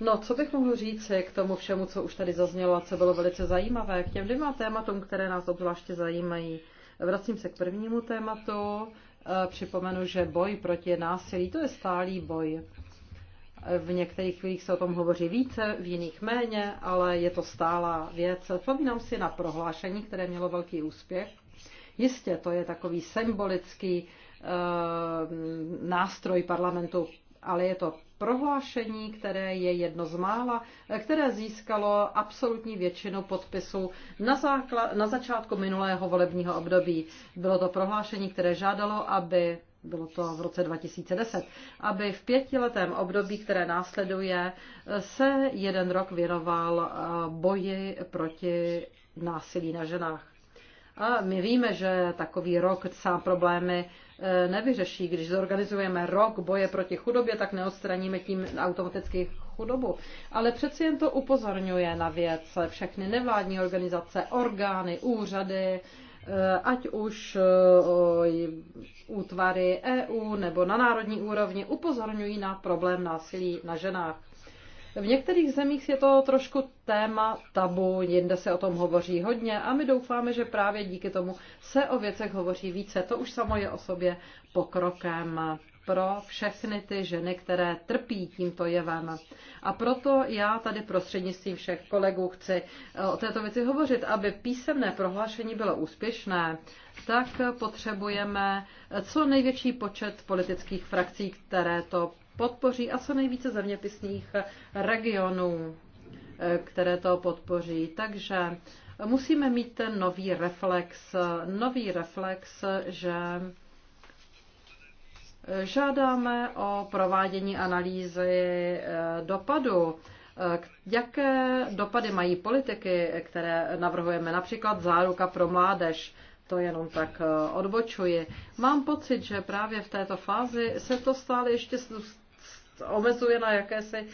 No, co bych mohl říct k tomu všemu, co už tady zaznělo a co bylo velice zajímavé, k těm dvěma tématům, které nás obzvláště zajímají. Vracím se k prvnímu tématu. Eh, připomenu, že boj proti násilí, to je stálý boj. V některých chvílích se o tom hovoří více, v jiných méně, ale je to stálá věc. Vzpomínám si na prohlášení, které mělo velký úspěch. Jistě to je takový symbolický eh, nástroj parlamentu, ale je to prohlášení, které je jedno z mála, eh, které získalo absolutní většinu podpisů na, základ, na začátku minulého volebního období. Bylo to prohlášení, které žádalo, aby bylo to v roce 2010, aby v pětiletém období, které následuje, se jeden rok věnoval eh, boji proti násilí na ženách. A my víme, že takový rok sám problémy eh, nevyřeší. Když zorganizujeme rok boje proti chudobě, tak neodstraníme tím automaticky chudobu. Ale přeci jen to upozorňuje na věc. Všechny nevládní organizace, orgány, úřady, Eh, ať už eh, útvary EU nebo na národní úrovni upozorňují na problém násilí na ženách. V některých zemích je to trošku téma tabu, jinde se o tom hovoří hodně a my doufáme, že právě díky tomu se o věcech hovoří více. To už samo je o sobě pokrokem pro všechny ty ženy, které trpí tímto jevem. A proto já tady prostřednictvím všech kolegů chci eh, o této věci hovořit. Aby písemné prohlášení bylo úspěšné, tak potřebujeme eh, co největší počet politických frakcí, které to podpoří a co nejvíce zeměpisných eh, regionů, které to podpoří. Takže musíme mít ten nový reflex, nový reflex, že Žádáme o provádění analýzy eh, dopadu, eh, jaké dopady mají politiky, které navrhujeme, například záruka pro mládež. To jenom tak eh, odbočuji. Mám pocit, že právě v této fázi se to stále ještě omezuje na jakési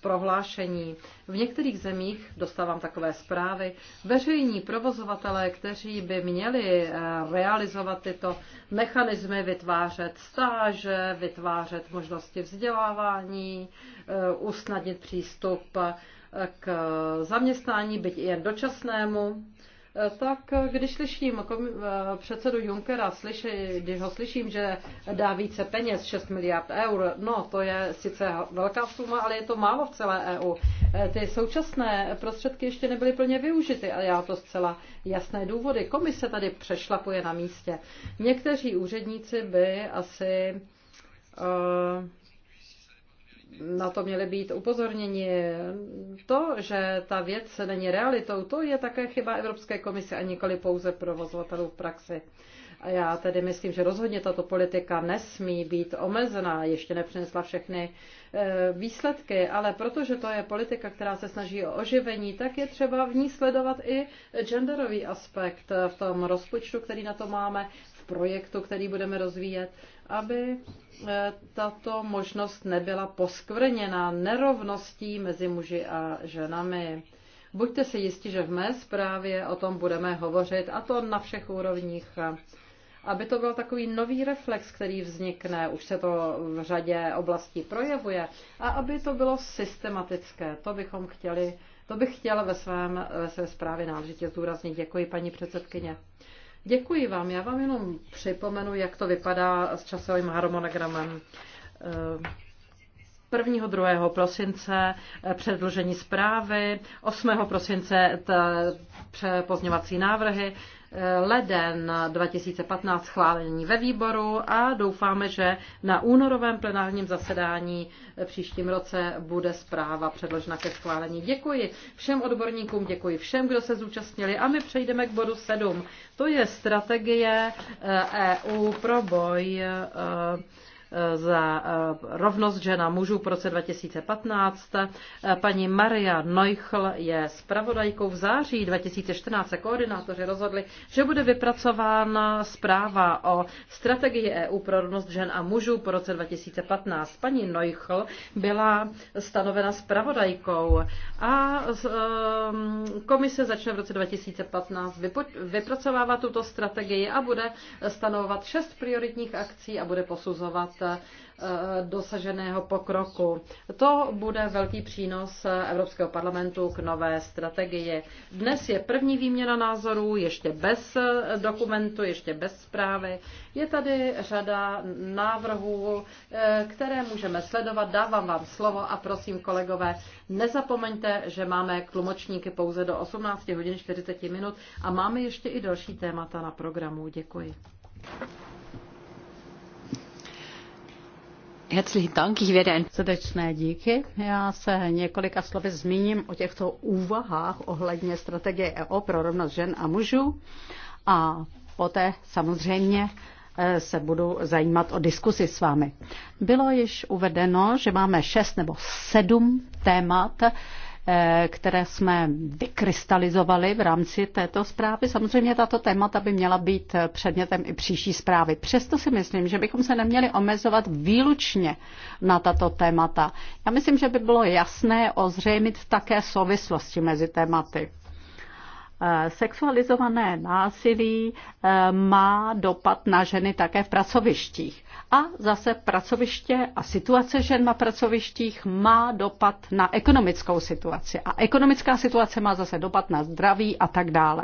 prohlášení. V některých zemích, dostávám takové zprávy, veřejní provozovatelé, kteří by měli eh, realizovat tyto mechanismy, vytvářet stáže, vytvářet možnosti vzdělávání, eh, usnadnit přístup eh, k zaměstnání, byť i jen dočasnému, tak když slyším eh, předsedu Junckera, slyši, když ho slyším, že dá více peněz, 6 miliard eur, no to je sice velká suma, ale je to málo v celé EU. Eh, ty současné prostředky ještě nebyly plně využity a já to zcela jasné důvody. Komise tady přešlapuje na místě. Někteří úředníci by asi uh, na to měli být upozorněni. To, že ta věc není realitou, to je také chyba Evropské komise a nikoli pouze provozovatelů v praxi. A já tedy myslím, že rozhodně tato politika nesmí být omezená, ještě nepřinesla všechny eh, výsledky, ale protože to je politika, která se snaží o oživení, tak je třeba v ní sledovat i genderový aspekt v tom rozpočtu, který na to máme, projektu, který budeme rozvíjet, aby eh, tato možnost nebyla poskvrněna nerovností mezi muži a ženami. Buďte si jisti, že v mé zprávě o tom budeme hovořit, a to na všech úrovních aby to byl takový nový reflex, který vznikne, už se to v řadě oblastí projevuje, a aby to bylo systematické. To bychom chtěli, to bych chtěla ve, svém, ve své zprávě náležitě zdůraznit. Děkuji, paní předsedkyně. Děkuji vám. Já vám jenom připomenu, jak to vypadá s časovým harmonogramem. 1. Eh, 2. prosince eh, předložení zprávy, 8. prosince pozněvací návrhy, Eh, leden 2015 schválení ve výboru a doufáme, že na únorovém plenárním zasedání eh, příštím roce bude zpráva předložena ke schválení. Děkuji všem odborníkům, děkuji všem, kdo se zúčastnili a my přejdeme k bodu 7. To je strategie EU eh, e pro boj Eh, za eh, rovnost žen a mužů v roce 2015. Eh, paní Maria Neuchl je spravodajkou v září 2014 se koordinátoři rozhodli, že bude vypracována zpráva o strategii EU pro rovnost žen a mužů po roce 2015. Paní Neuchl byla stanovena spravodajkou a ehm, komise začne v roce 2015 vypracovávat tuto strategii a bude stanovovat šest prioritních akcí a bude posuzovat Eh, dosaženého pokroku. To bude velký přínos Evropského parlamentu k nové strategii. Dnes je první výměna názorů, ještě bez eh, dokumentu, ještě bez zprávy. Je tady řada návrhů, eh, které můžeme sledovat. Dávám vám slovo a prosím, kolegové, nezapomeňte, že máme tlumočníky pouze do 18 hodin 40 minut a máme ještě i další témata na programu. Děkuji. Herzlichen Dank, ich werde ein... Srdečné díky. Já se několika slovy zmíním o těchto úvahách ohledně strategie EO pro rovnost žen a mužů a poté samozřejmě eh, se budu zajímat o diskusi s vámi. Bylo již uvedeno, že máme šest nebo sedm témat, Eh, které jsme vykrystalizovali v rámci této zprávy. Samozřejmě tato témata by měla být eh, předmětem i příští zprávy. Přesto si myslím, že bychom se neměli omezovat výlučně na tato témata. Já myslím, že by bylo jasné ozřejmit také souvislosti mezi tématy. Eh, sexualizované násilí eh, má dopad na ženy také v pracovištích. A zase pracoviště a situace žen na pracovištích má dopad na ekonomickou situaci. A ekonomická situace má zase dopad na zdraví a tak dále.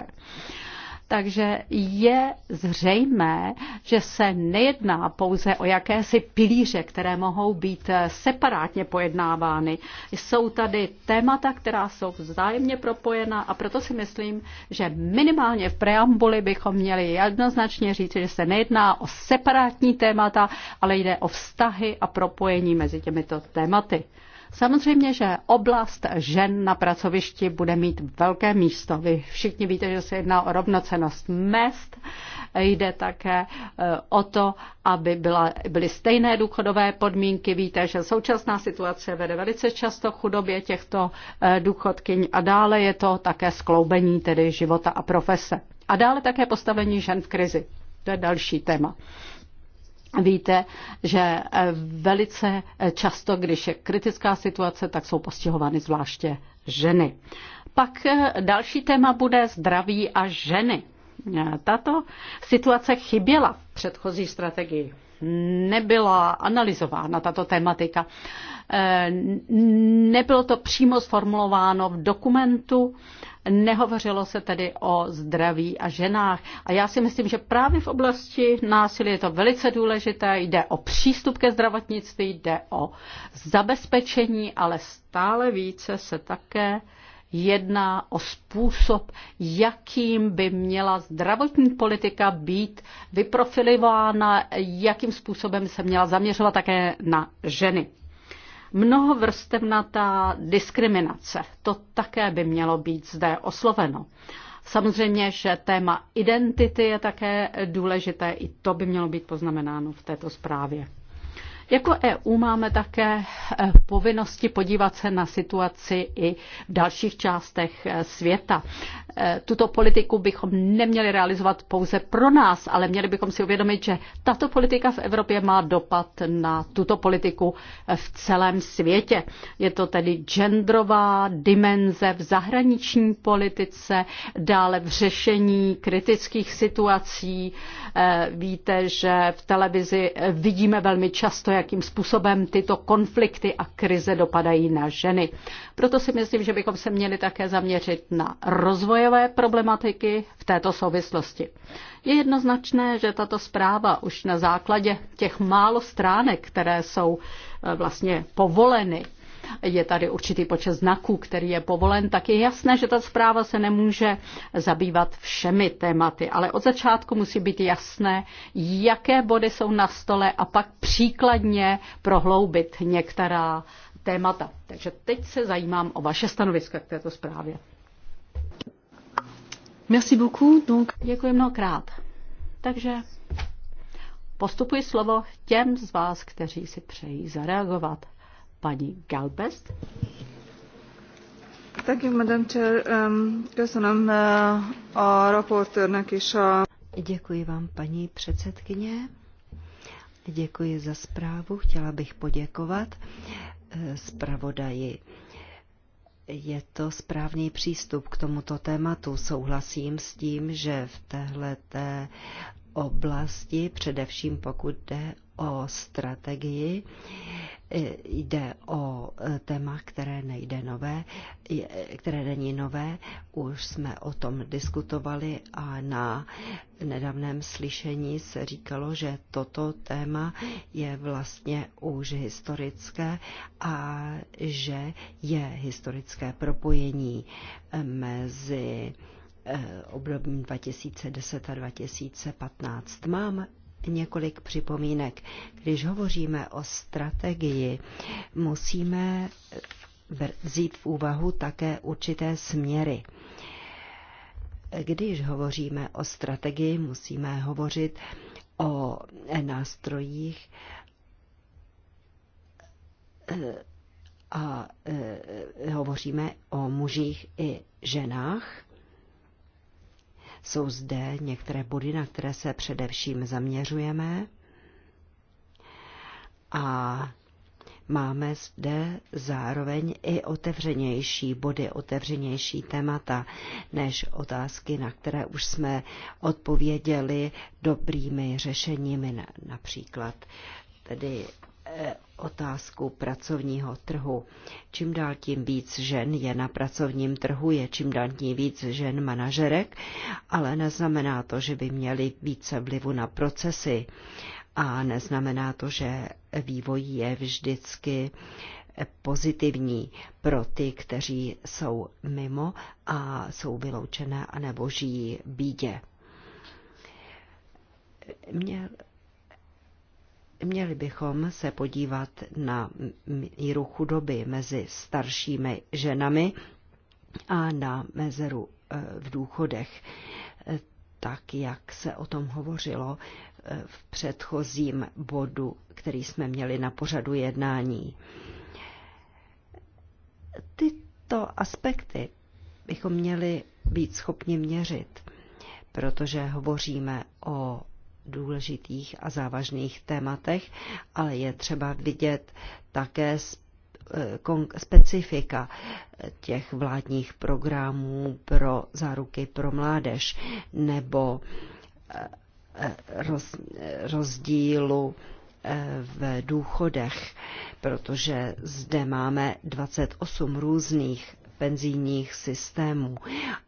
Takže je zřejmé, že se nejedná pouze o jakési pilíře, které mohou být eh, separátně pojednávány. Jsou tady témata, která jsou vzájemně propojena a proto si myslím, že minimálně v preambuli bychom měli jednoznačně říct, že se nejedná o separátní témata, ale jde o vztahy a propojení mezi těmito tématy. Samozřejmě, že oblast žen na pracovišti bude mít velké místo. Vy všichni víte, že se jedná o rovnocenost mest, jde také eh, o to, aby byla, byly stejné důchodové podmínky. Víte, že současná situace vede velice často chudobě těchto eh, důchodkyň a dále je to také skloubení tedy života a profese. A dále také postavení žen v krizi. To je další téma. Víte, že eh, velice eh, často, když je kritická situace, tak jsou postihovány zvláště ženy. Pak eh, další téma bude zdraví a ženy. Tato situace chyběla v předchozí strategii. Nebyla analyzována tato tematika. Nebylo to přímo sformulováno v dokumentu Nehovořilo se tedy o zdraví a ženách. A já si myslím, že právě v oblasti násilí je to velice důležité. Jde o přístup ke zdravotnictví, jde o zabezpečení, ale stále více se také jedná o způsob, jakým by měla zdravotní politika být vyprofilována, jakým způsobem se měla zaměřovat také na ženy. Mnohovrstevnatá diskriminace, to také by mělo být zde osloveno. Samozřejmě, že téma identity je také důležité, i to by mělo být poznamenáno v této zprávě. Jako EU máme také eh, povinnosti podívat se na situaci i v dalších částech eh, světa. Eh, tuto politiku bychom neměli realizovat pouze pro nás, ale měli bychom si uvědomit, že tato politika v Evropě má dopad na tuto politiku v celém světě. Je to tedy genderová dimenze v zahraniční politice, dále v řešení kritických situací. Víte, že v televizi vidíme velmi často, jak jakým způsobem tyto konflikty a krize dopadají na ženy. Proto si myslím, že bychom se měli také zaměřit na rozvojové problematiky v této souvislosti. Je jednoznačné, že tato zpráva už na základě těch málo stránek, které jsou eh, vlastně povoleny, je tady určitý počet znaků, který je povolen, tak je jasné, že ta zpráva se nemůže zabývat všemi tématy. Ale od začátku musí být jasné, jaké body jsou na stole a pak příkladně prohloubit některá témata. Takže teď se zajímám o vaše stanoviska k této zprávě. Merci beaucoup. Donc... Děkuji mnohokrát. Takže postupuji slovo těm z vás, kteří si přejí zareagovat paní Galpest. Thank you, Madam Chair. Um, köszönöm uh, a raportőrnek is a... Děkuji vám, paní předsedkyně. Děkuji za zprávu. Chtěla bych poděkovat eh, zpravodaji. Je to správný přístup k tomuto tématu. Souhlasím s tím, že v téhle oblasti, především pokud jde o strategii, e, jde o e, téma, které nejde nové, které není nové. Už jsme o tom diskutovali a na nedávném slyšení se říkalo, že toto téma je vlastně už historické a že je historické propojení e, mezi obdobím 2010 a 2015. Mám několik připomínek. Když hovoříme o strategii, musíme vzít v úvahu také určité směry. Když hovoříme o strategii, musíme hovořit o nástrojích eh, a eh, hovoříme o mužích i ženách jsou zde některé body, na které se především zaměřujeme. A máme zde zároveň i otevřenější body, otevřenější témata, než otázky, na které už jsme odpověděli dobrými řešeními, například tedy Eh, otázku pracovního trhu. Čím dál tím víc žen je na pracovním trhu, je čím dál tím víc žen manažerek, ale neznamená to, že by měly více vlivu na procesy a neznamená to, že vývoj je vždycky eh, pozitivní pro ty, kteří jsou mimo a jsou vyloučené anebo žijí bídě. Měl Měli bychom se podívat na míru chudoby mezi staršími ženami a na mezeru e, v důchodech, e, tak jak se o tom hovořilo e, v předchozím bodu, který jsme měli na pořadu jednání. Tyto aspekty bychom měli být schopni měřit, protože hovoříme o důležitých a závažných tématech, ale je třeba vidět také eh, specifika těch vládních programů pro záruky pro mládež nebo eh, eh, roz, rozdílu v důchodech, protože zde máme 28 různých penzijních systémů.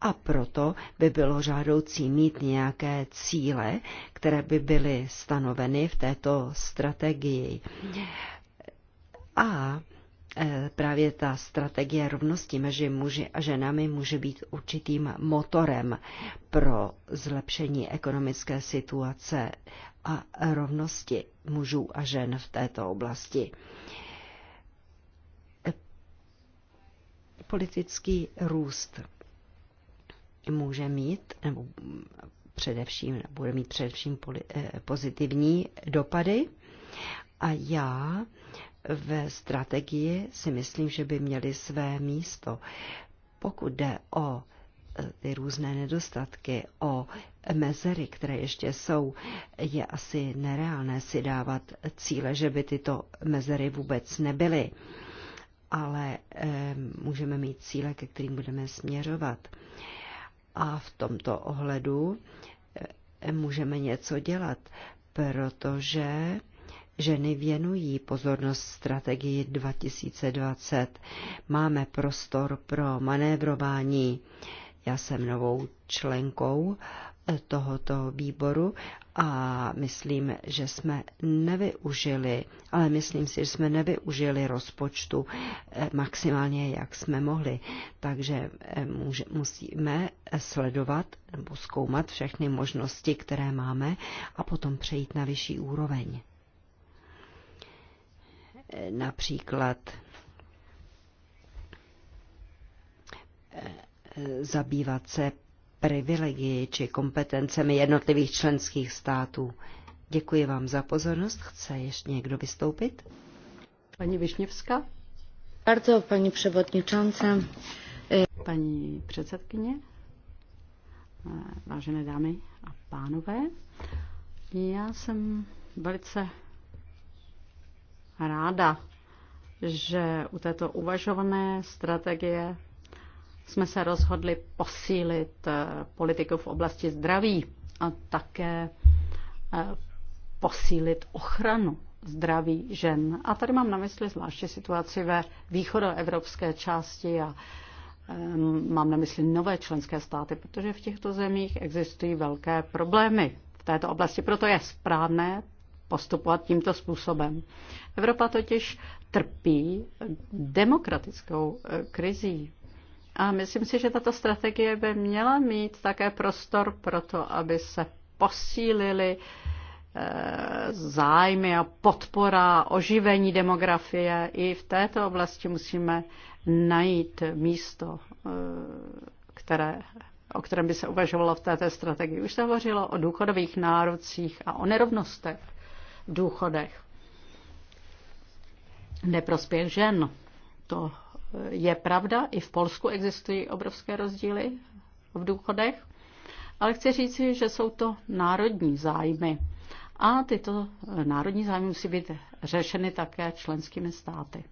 A proto by bylo žádoucí mít nějaké cíle, které by byly stanoveny v této strategii. A e, právě ta strategie rovnosti mezi muži a ženami může být určitým motorem pro zlepšení ekonomické situace a rovnosti mužů a žen v této oblasti. politický růst může mít, nebo především, bude mít především eh, pozitivní dopady. A já ve strategii si myslím, že by měli své místo. Pokud jde o eh, ty různé nedostatky, o mezery, které ještě jsou, je asi nereálné si dávat cíle, že by tyto mezery vůbec nebyly ale eh, můžeme mít cíle, ke kterým budeme směřovat. A v tomto ohledu eh, můžeme něco dělat, protože ženy věnují pozornost strategii 2020. Máme prostor pro manévrování. Já jsem novou členkou tohoto výboru a myslím, že jsme nevyužili, ale myslím si, že jsme nevyužili rozpočtu eh, maximálně, jak jsme mohli. Takže eh, může, musíme sledovat nebo zkoumat všechny možnosti, které máme a potom přejít na vyšší úroveň. Eh, například zabývat se privilegii či kompetencemi jednotlivých členských států. Děkuji vám za pozornost. Chce ještě někdo vystoupit? Paní Višněvská. Bardzo, paní převodničance. Paní předsedkyně, vážené dámy a pánové, já jsem velice ráda, že u této uvažované strategie jsme se rozhodli posílit eh, politiku v oblasti zdraví a také eh, posílit ochranu zdraví žen. A tady mám na mysli zvláště situaci ve východoevropské části a eh, mám na mysli nové členské státy, protože v těchto zemích existují velké problémy v této oblasti. Proto je správné postupovat tímto způsobem. Evropa totiž trpí demokratickou krizí a myslím si, že tato strategie by měla mít také prostor pro to, aby se posílily eh, zájmy a podpora oživení demografie. I v této oblasti musíme najít místo, eh, které, o kterém by se uvažovalo v této strategii. Už se hovořilo o důchodových nárocích a o nerovnostech v důchodech. Neprospěch žen. To je pravda, i v Polsku existují obrovské rozdíly v důchodech, ale chci říci, že jsou to národní zájmy. A tyto národní zájmy musí být řešeny také členskými státy.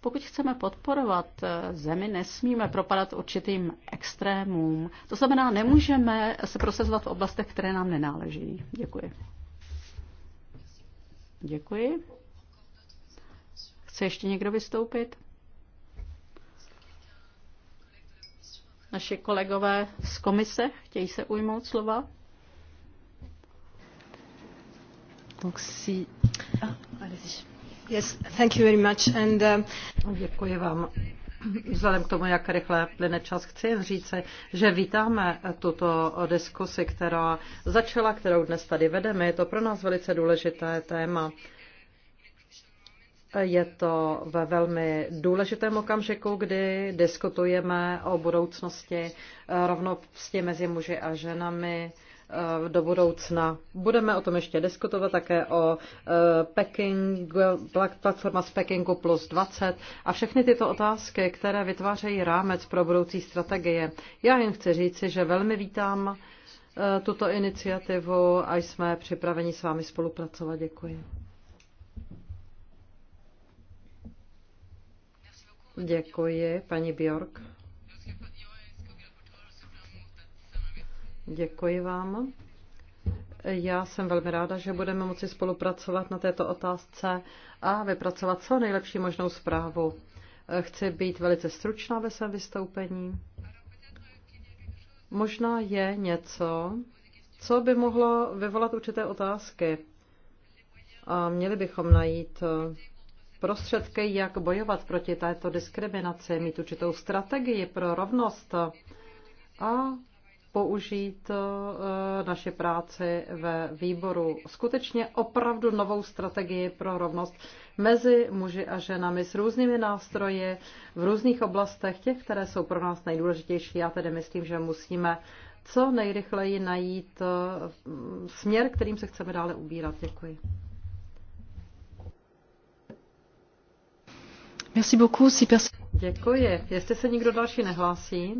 Pokud chceme podporovat zemi, nesmíme propadat určitým extrémům. To znamená, nemůžeme se prosazovat v oblastech, které nám nenáleží. Děkuji. Děkuji. Chce ještě někdo vystoupit? Naši kolegové z komise chtějí se ujmout slova. si... Ah, yes, thank you very much and, uh, Děkuji vám. Vzhledem k tomu, jak rychle plyne čas, chci říct, že vítáme tuto diskusi, která začala, kterou dnes tady vedeme. Je to pro nás velice důležité téma. Je to ve velmi důležitém okamžiku, kdy diskutujeme o budoucnosti eh, rovnosti mezi muži a ženami eh, do budoucna. Budeme o tom ještě diskutovat také o eh, Peking, platforma z Pekingu plus 20 a všechny tyto otázky, které vytvářejí rámec pro budoucí strategie. Já jen chci říci, že velmi vítám tuto iniciativu a jsme připraveni s vámi spolupracovat. Děkuji. Děkuji, paní Bjork. Děkuji vám. Já jsem velmi ráda, že budeme moci spolupracovat na této otázce a vypracovat co nejlepší možnou zprávu. Chci být velice stručná ve svém vystoupení. Možná je něco, co by mohlo vyvolat určité otázky. A měli bychom najít prostředky, jak bojovat proti této diskriminaci, mít určitou strategii pro rovnost a použít e, naši práci ve výboru. Skutečně opravdu novou strategii pro rovnost mezi muži a ženami s různými nástroji v různých oblastech, těch, které jsou pro nás nejdůležitější. Já tedy myslím, že musíme co nejrychleji najít e, směr, kterým se chceme dále ubírat. Děkuji. Merci beaucoup. Si Děkuji. Jestli se nikdo další nehlásí,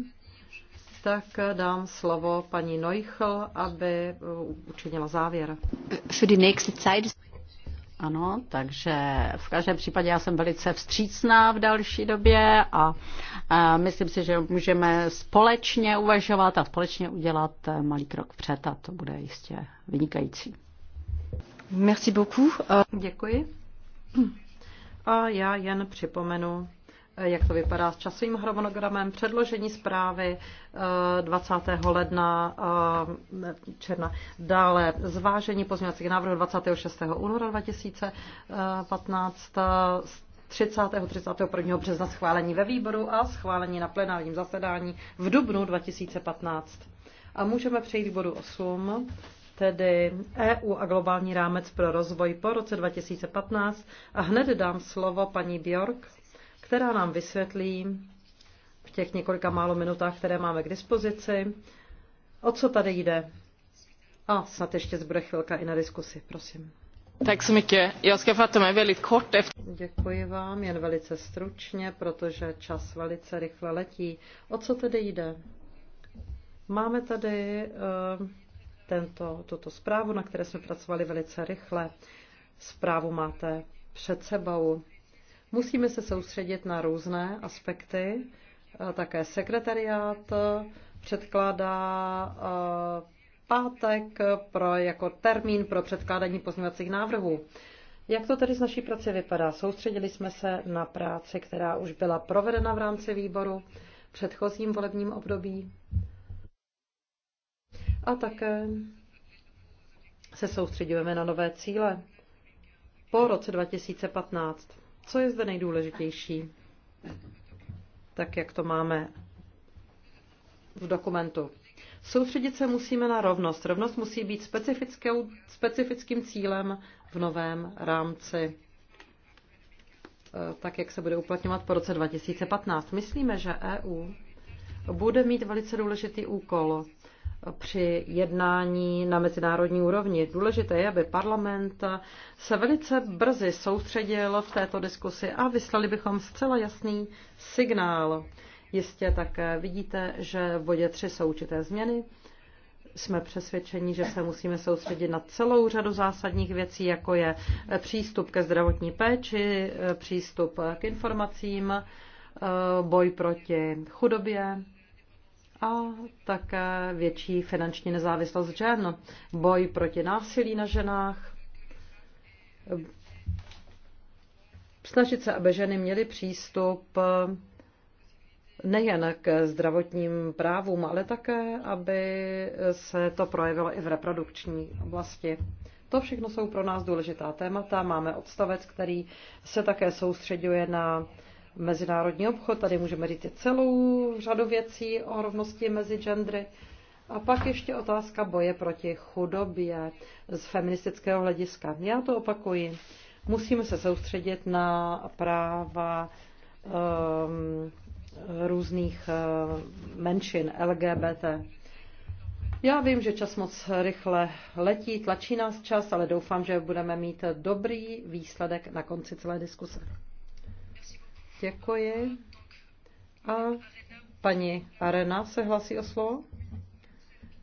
tak eh, dám slovo paní Neuchl, aby eh, učinila závěr. Für die nächste Zeit. Ano, takže v každém případě já jsem velice vstřícná v další době a, a myslím si, že můžeme společně uvažovat a společně udělat eh, malý krok před a to bude jistě vynikající. Merci beaucoup. Děkuji. A já jen připomenu, eh, jak to vypadá s časovým harmonogramem předložení zprávy 20. Eh, ledna eh, června. Dále zvážení pozměňovacích návrhů 26. února 2015 30. 31. března schválení ve výboru a schválení na plenárním zasedání v dubnu 2015. A můžeme přejít k bodu 8, tedy EU a globální rámec pro rozvoj po roce 2015. A hned dám slovo paní Bjork, která nám vysvětlí v těch několika málo minutách, které máme k dispozici, o co tady jde. A snad ještě zbude chvilka i na diskusi, prosím. Tak se mycket. Já ska fatta mig väldigt kort efter... Děkuji vám, jen velice stručně, protože čas velice rychle letí. O co tedy jde? Máme tady uh, tento, tuto zprávu, na které jsme pracovali velice rychle. Zprávu máte před sebou. Musíme se soustředit na různé aspekty. Eh, také sekretariát eh, předkládá eh, pátek pro, jako termín pro předkládání pozměňovacích návrhů. Jak to tedy z naší práce vypadá? Soustředili jsme se na práci, která už byla provedena v rámci výboru v předchozím volebním období a také se soustředujeme na nové cíle po roce 2015. Co je zde nejdůležitější? Tak jak to máme v dokumentu. Soustředit se musíme na rovnost. Rovnost musí být specifickým cílem v novém rámci, eh, tak jak se bude uplatňovat po roce 2015. Myslíme, že EU bude mít velice důležitý úkol při jednání na mezinárodní úrovni. Důležité je, aby parlament se velice brzy soustředil v této diskusi a vyslali bychom zcela jasný signál. Jistě také vidíte, že v bodě 3 jsou určité změny. Jsme přesvědčeni, že se musíme soustředit na celou řadu zásadních věcí, jako je přístup ke zdravotní péči, přístup k informacím, boj proti chudobě, a také větší finanční nezávislost žen, boj proti násilí na ženách, snažit se, aby ženy měly přístup nejen k zdravotním právům, ale také, aby se to projevilo i v reprodukční oblasti. To všechno jsou pro nás důležitá témata. Máme odstavec, který se také soustředuje na mezinárodní obchod, tady můžeme říct celou řadu věcí o rovnosti mezi gendry. A pak ještě otázka boje proti chudobě z feministického hlediska. Já to opakuji. Musíme se soustředit na práva um, různých uh, menšin LGBT. Já vím, že čas moc rychle letí, tlačí nás čas, ale doufám, že budeme mít dobrý výsledek na konci celé diskuse. Děkuji. A paní Arena se hlasí o slovo?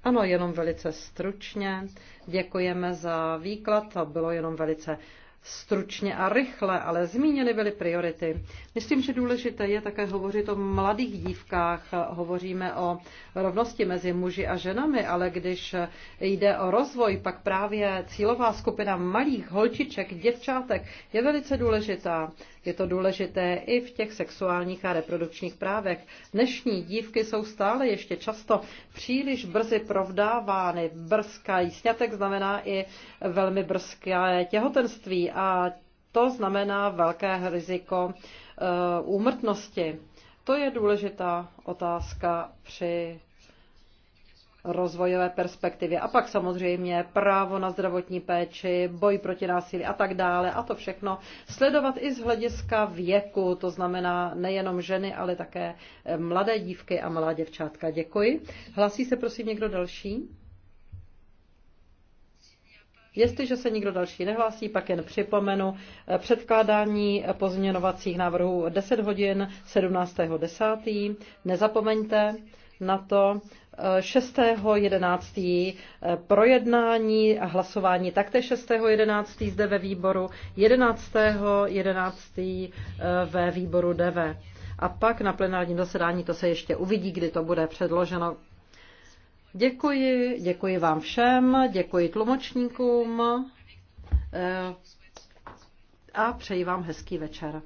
Ano, jenom velice stručně. Děkujeme za výklad, to bylo jenom velice stručně a rychle, ale zmíněny byly priority. Myslím, že důležité je také hovořit o mladých dívkách. Hovoříme o rovnosti mezi muži a ženami, ale když jde o rozvoj, pak právě cílová skupina malých holčiček, děvčátek je velice důležitá. Je to důležité i v těch sexuálních a reprodukčních právech. Dnešní dívky jsou stále ještě často příliš brzy provdávány. Brzkají sňatek znamená i velmi brzké těhotenství a to znamená velké riziko eh, úmrtnosti. To je důležitá otázka při rozvojové perspektivě. A pak samozřejmě právo na zdravotní péči, boj proti násilí a tak dále. A to všechno sledovat i z hlediska věku, to znamená nejenom ženy, ale také eh, mladé dívky a mladé děvčátka. Děkuji. Hlasí se prosím někdo další? Jestliže se nikdo další nehlásí, pak jen připomenu eh, předkládání pozměňovacích návrhů 10 hodin 17.10. Nezapomeňte na to 6.11. Eh, projednání a hlasování taktéž 6.11. zde ve výboru, 11.11. 11. Eh, ve výboru DV. A pak na plenárním zasedání to se ještě uvidí, kdy to bude předloženo. Děkuji, děkuji vám všem, děkuji tlumočníkům eh, a přeji vám hezký večer.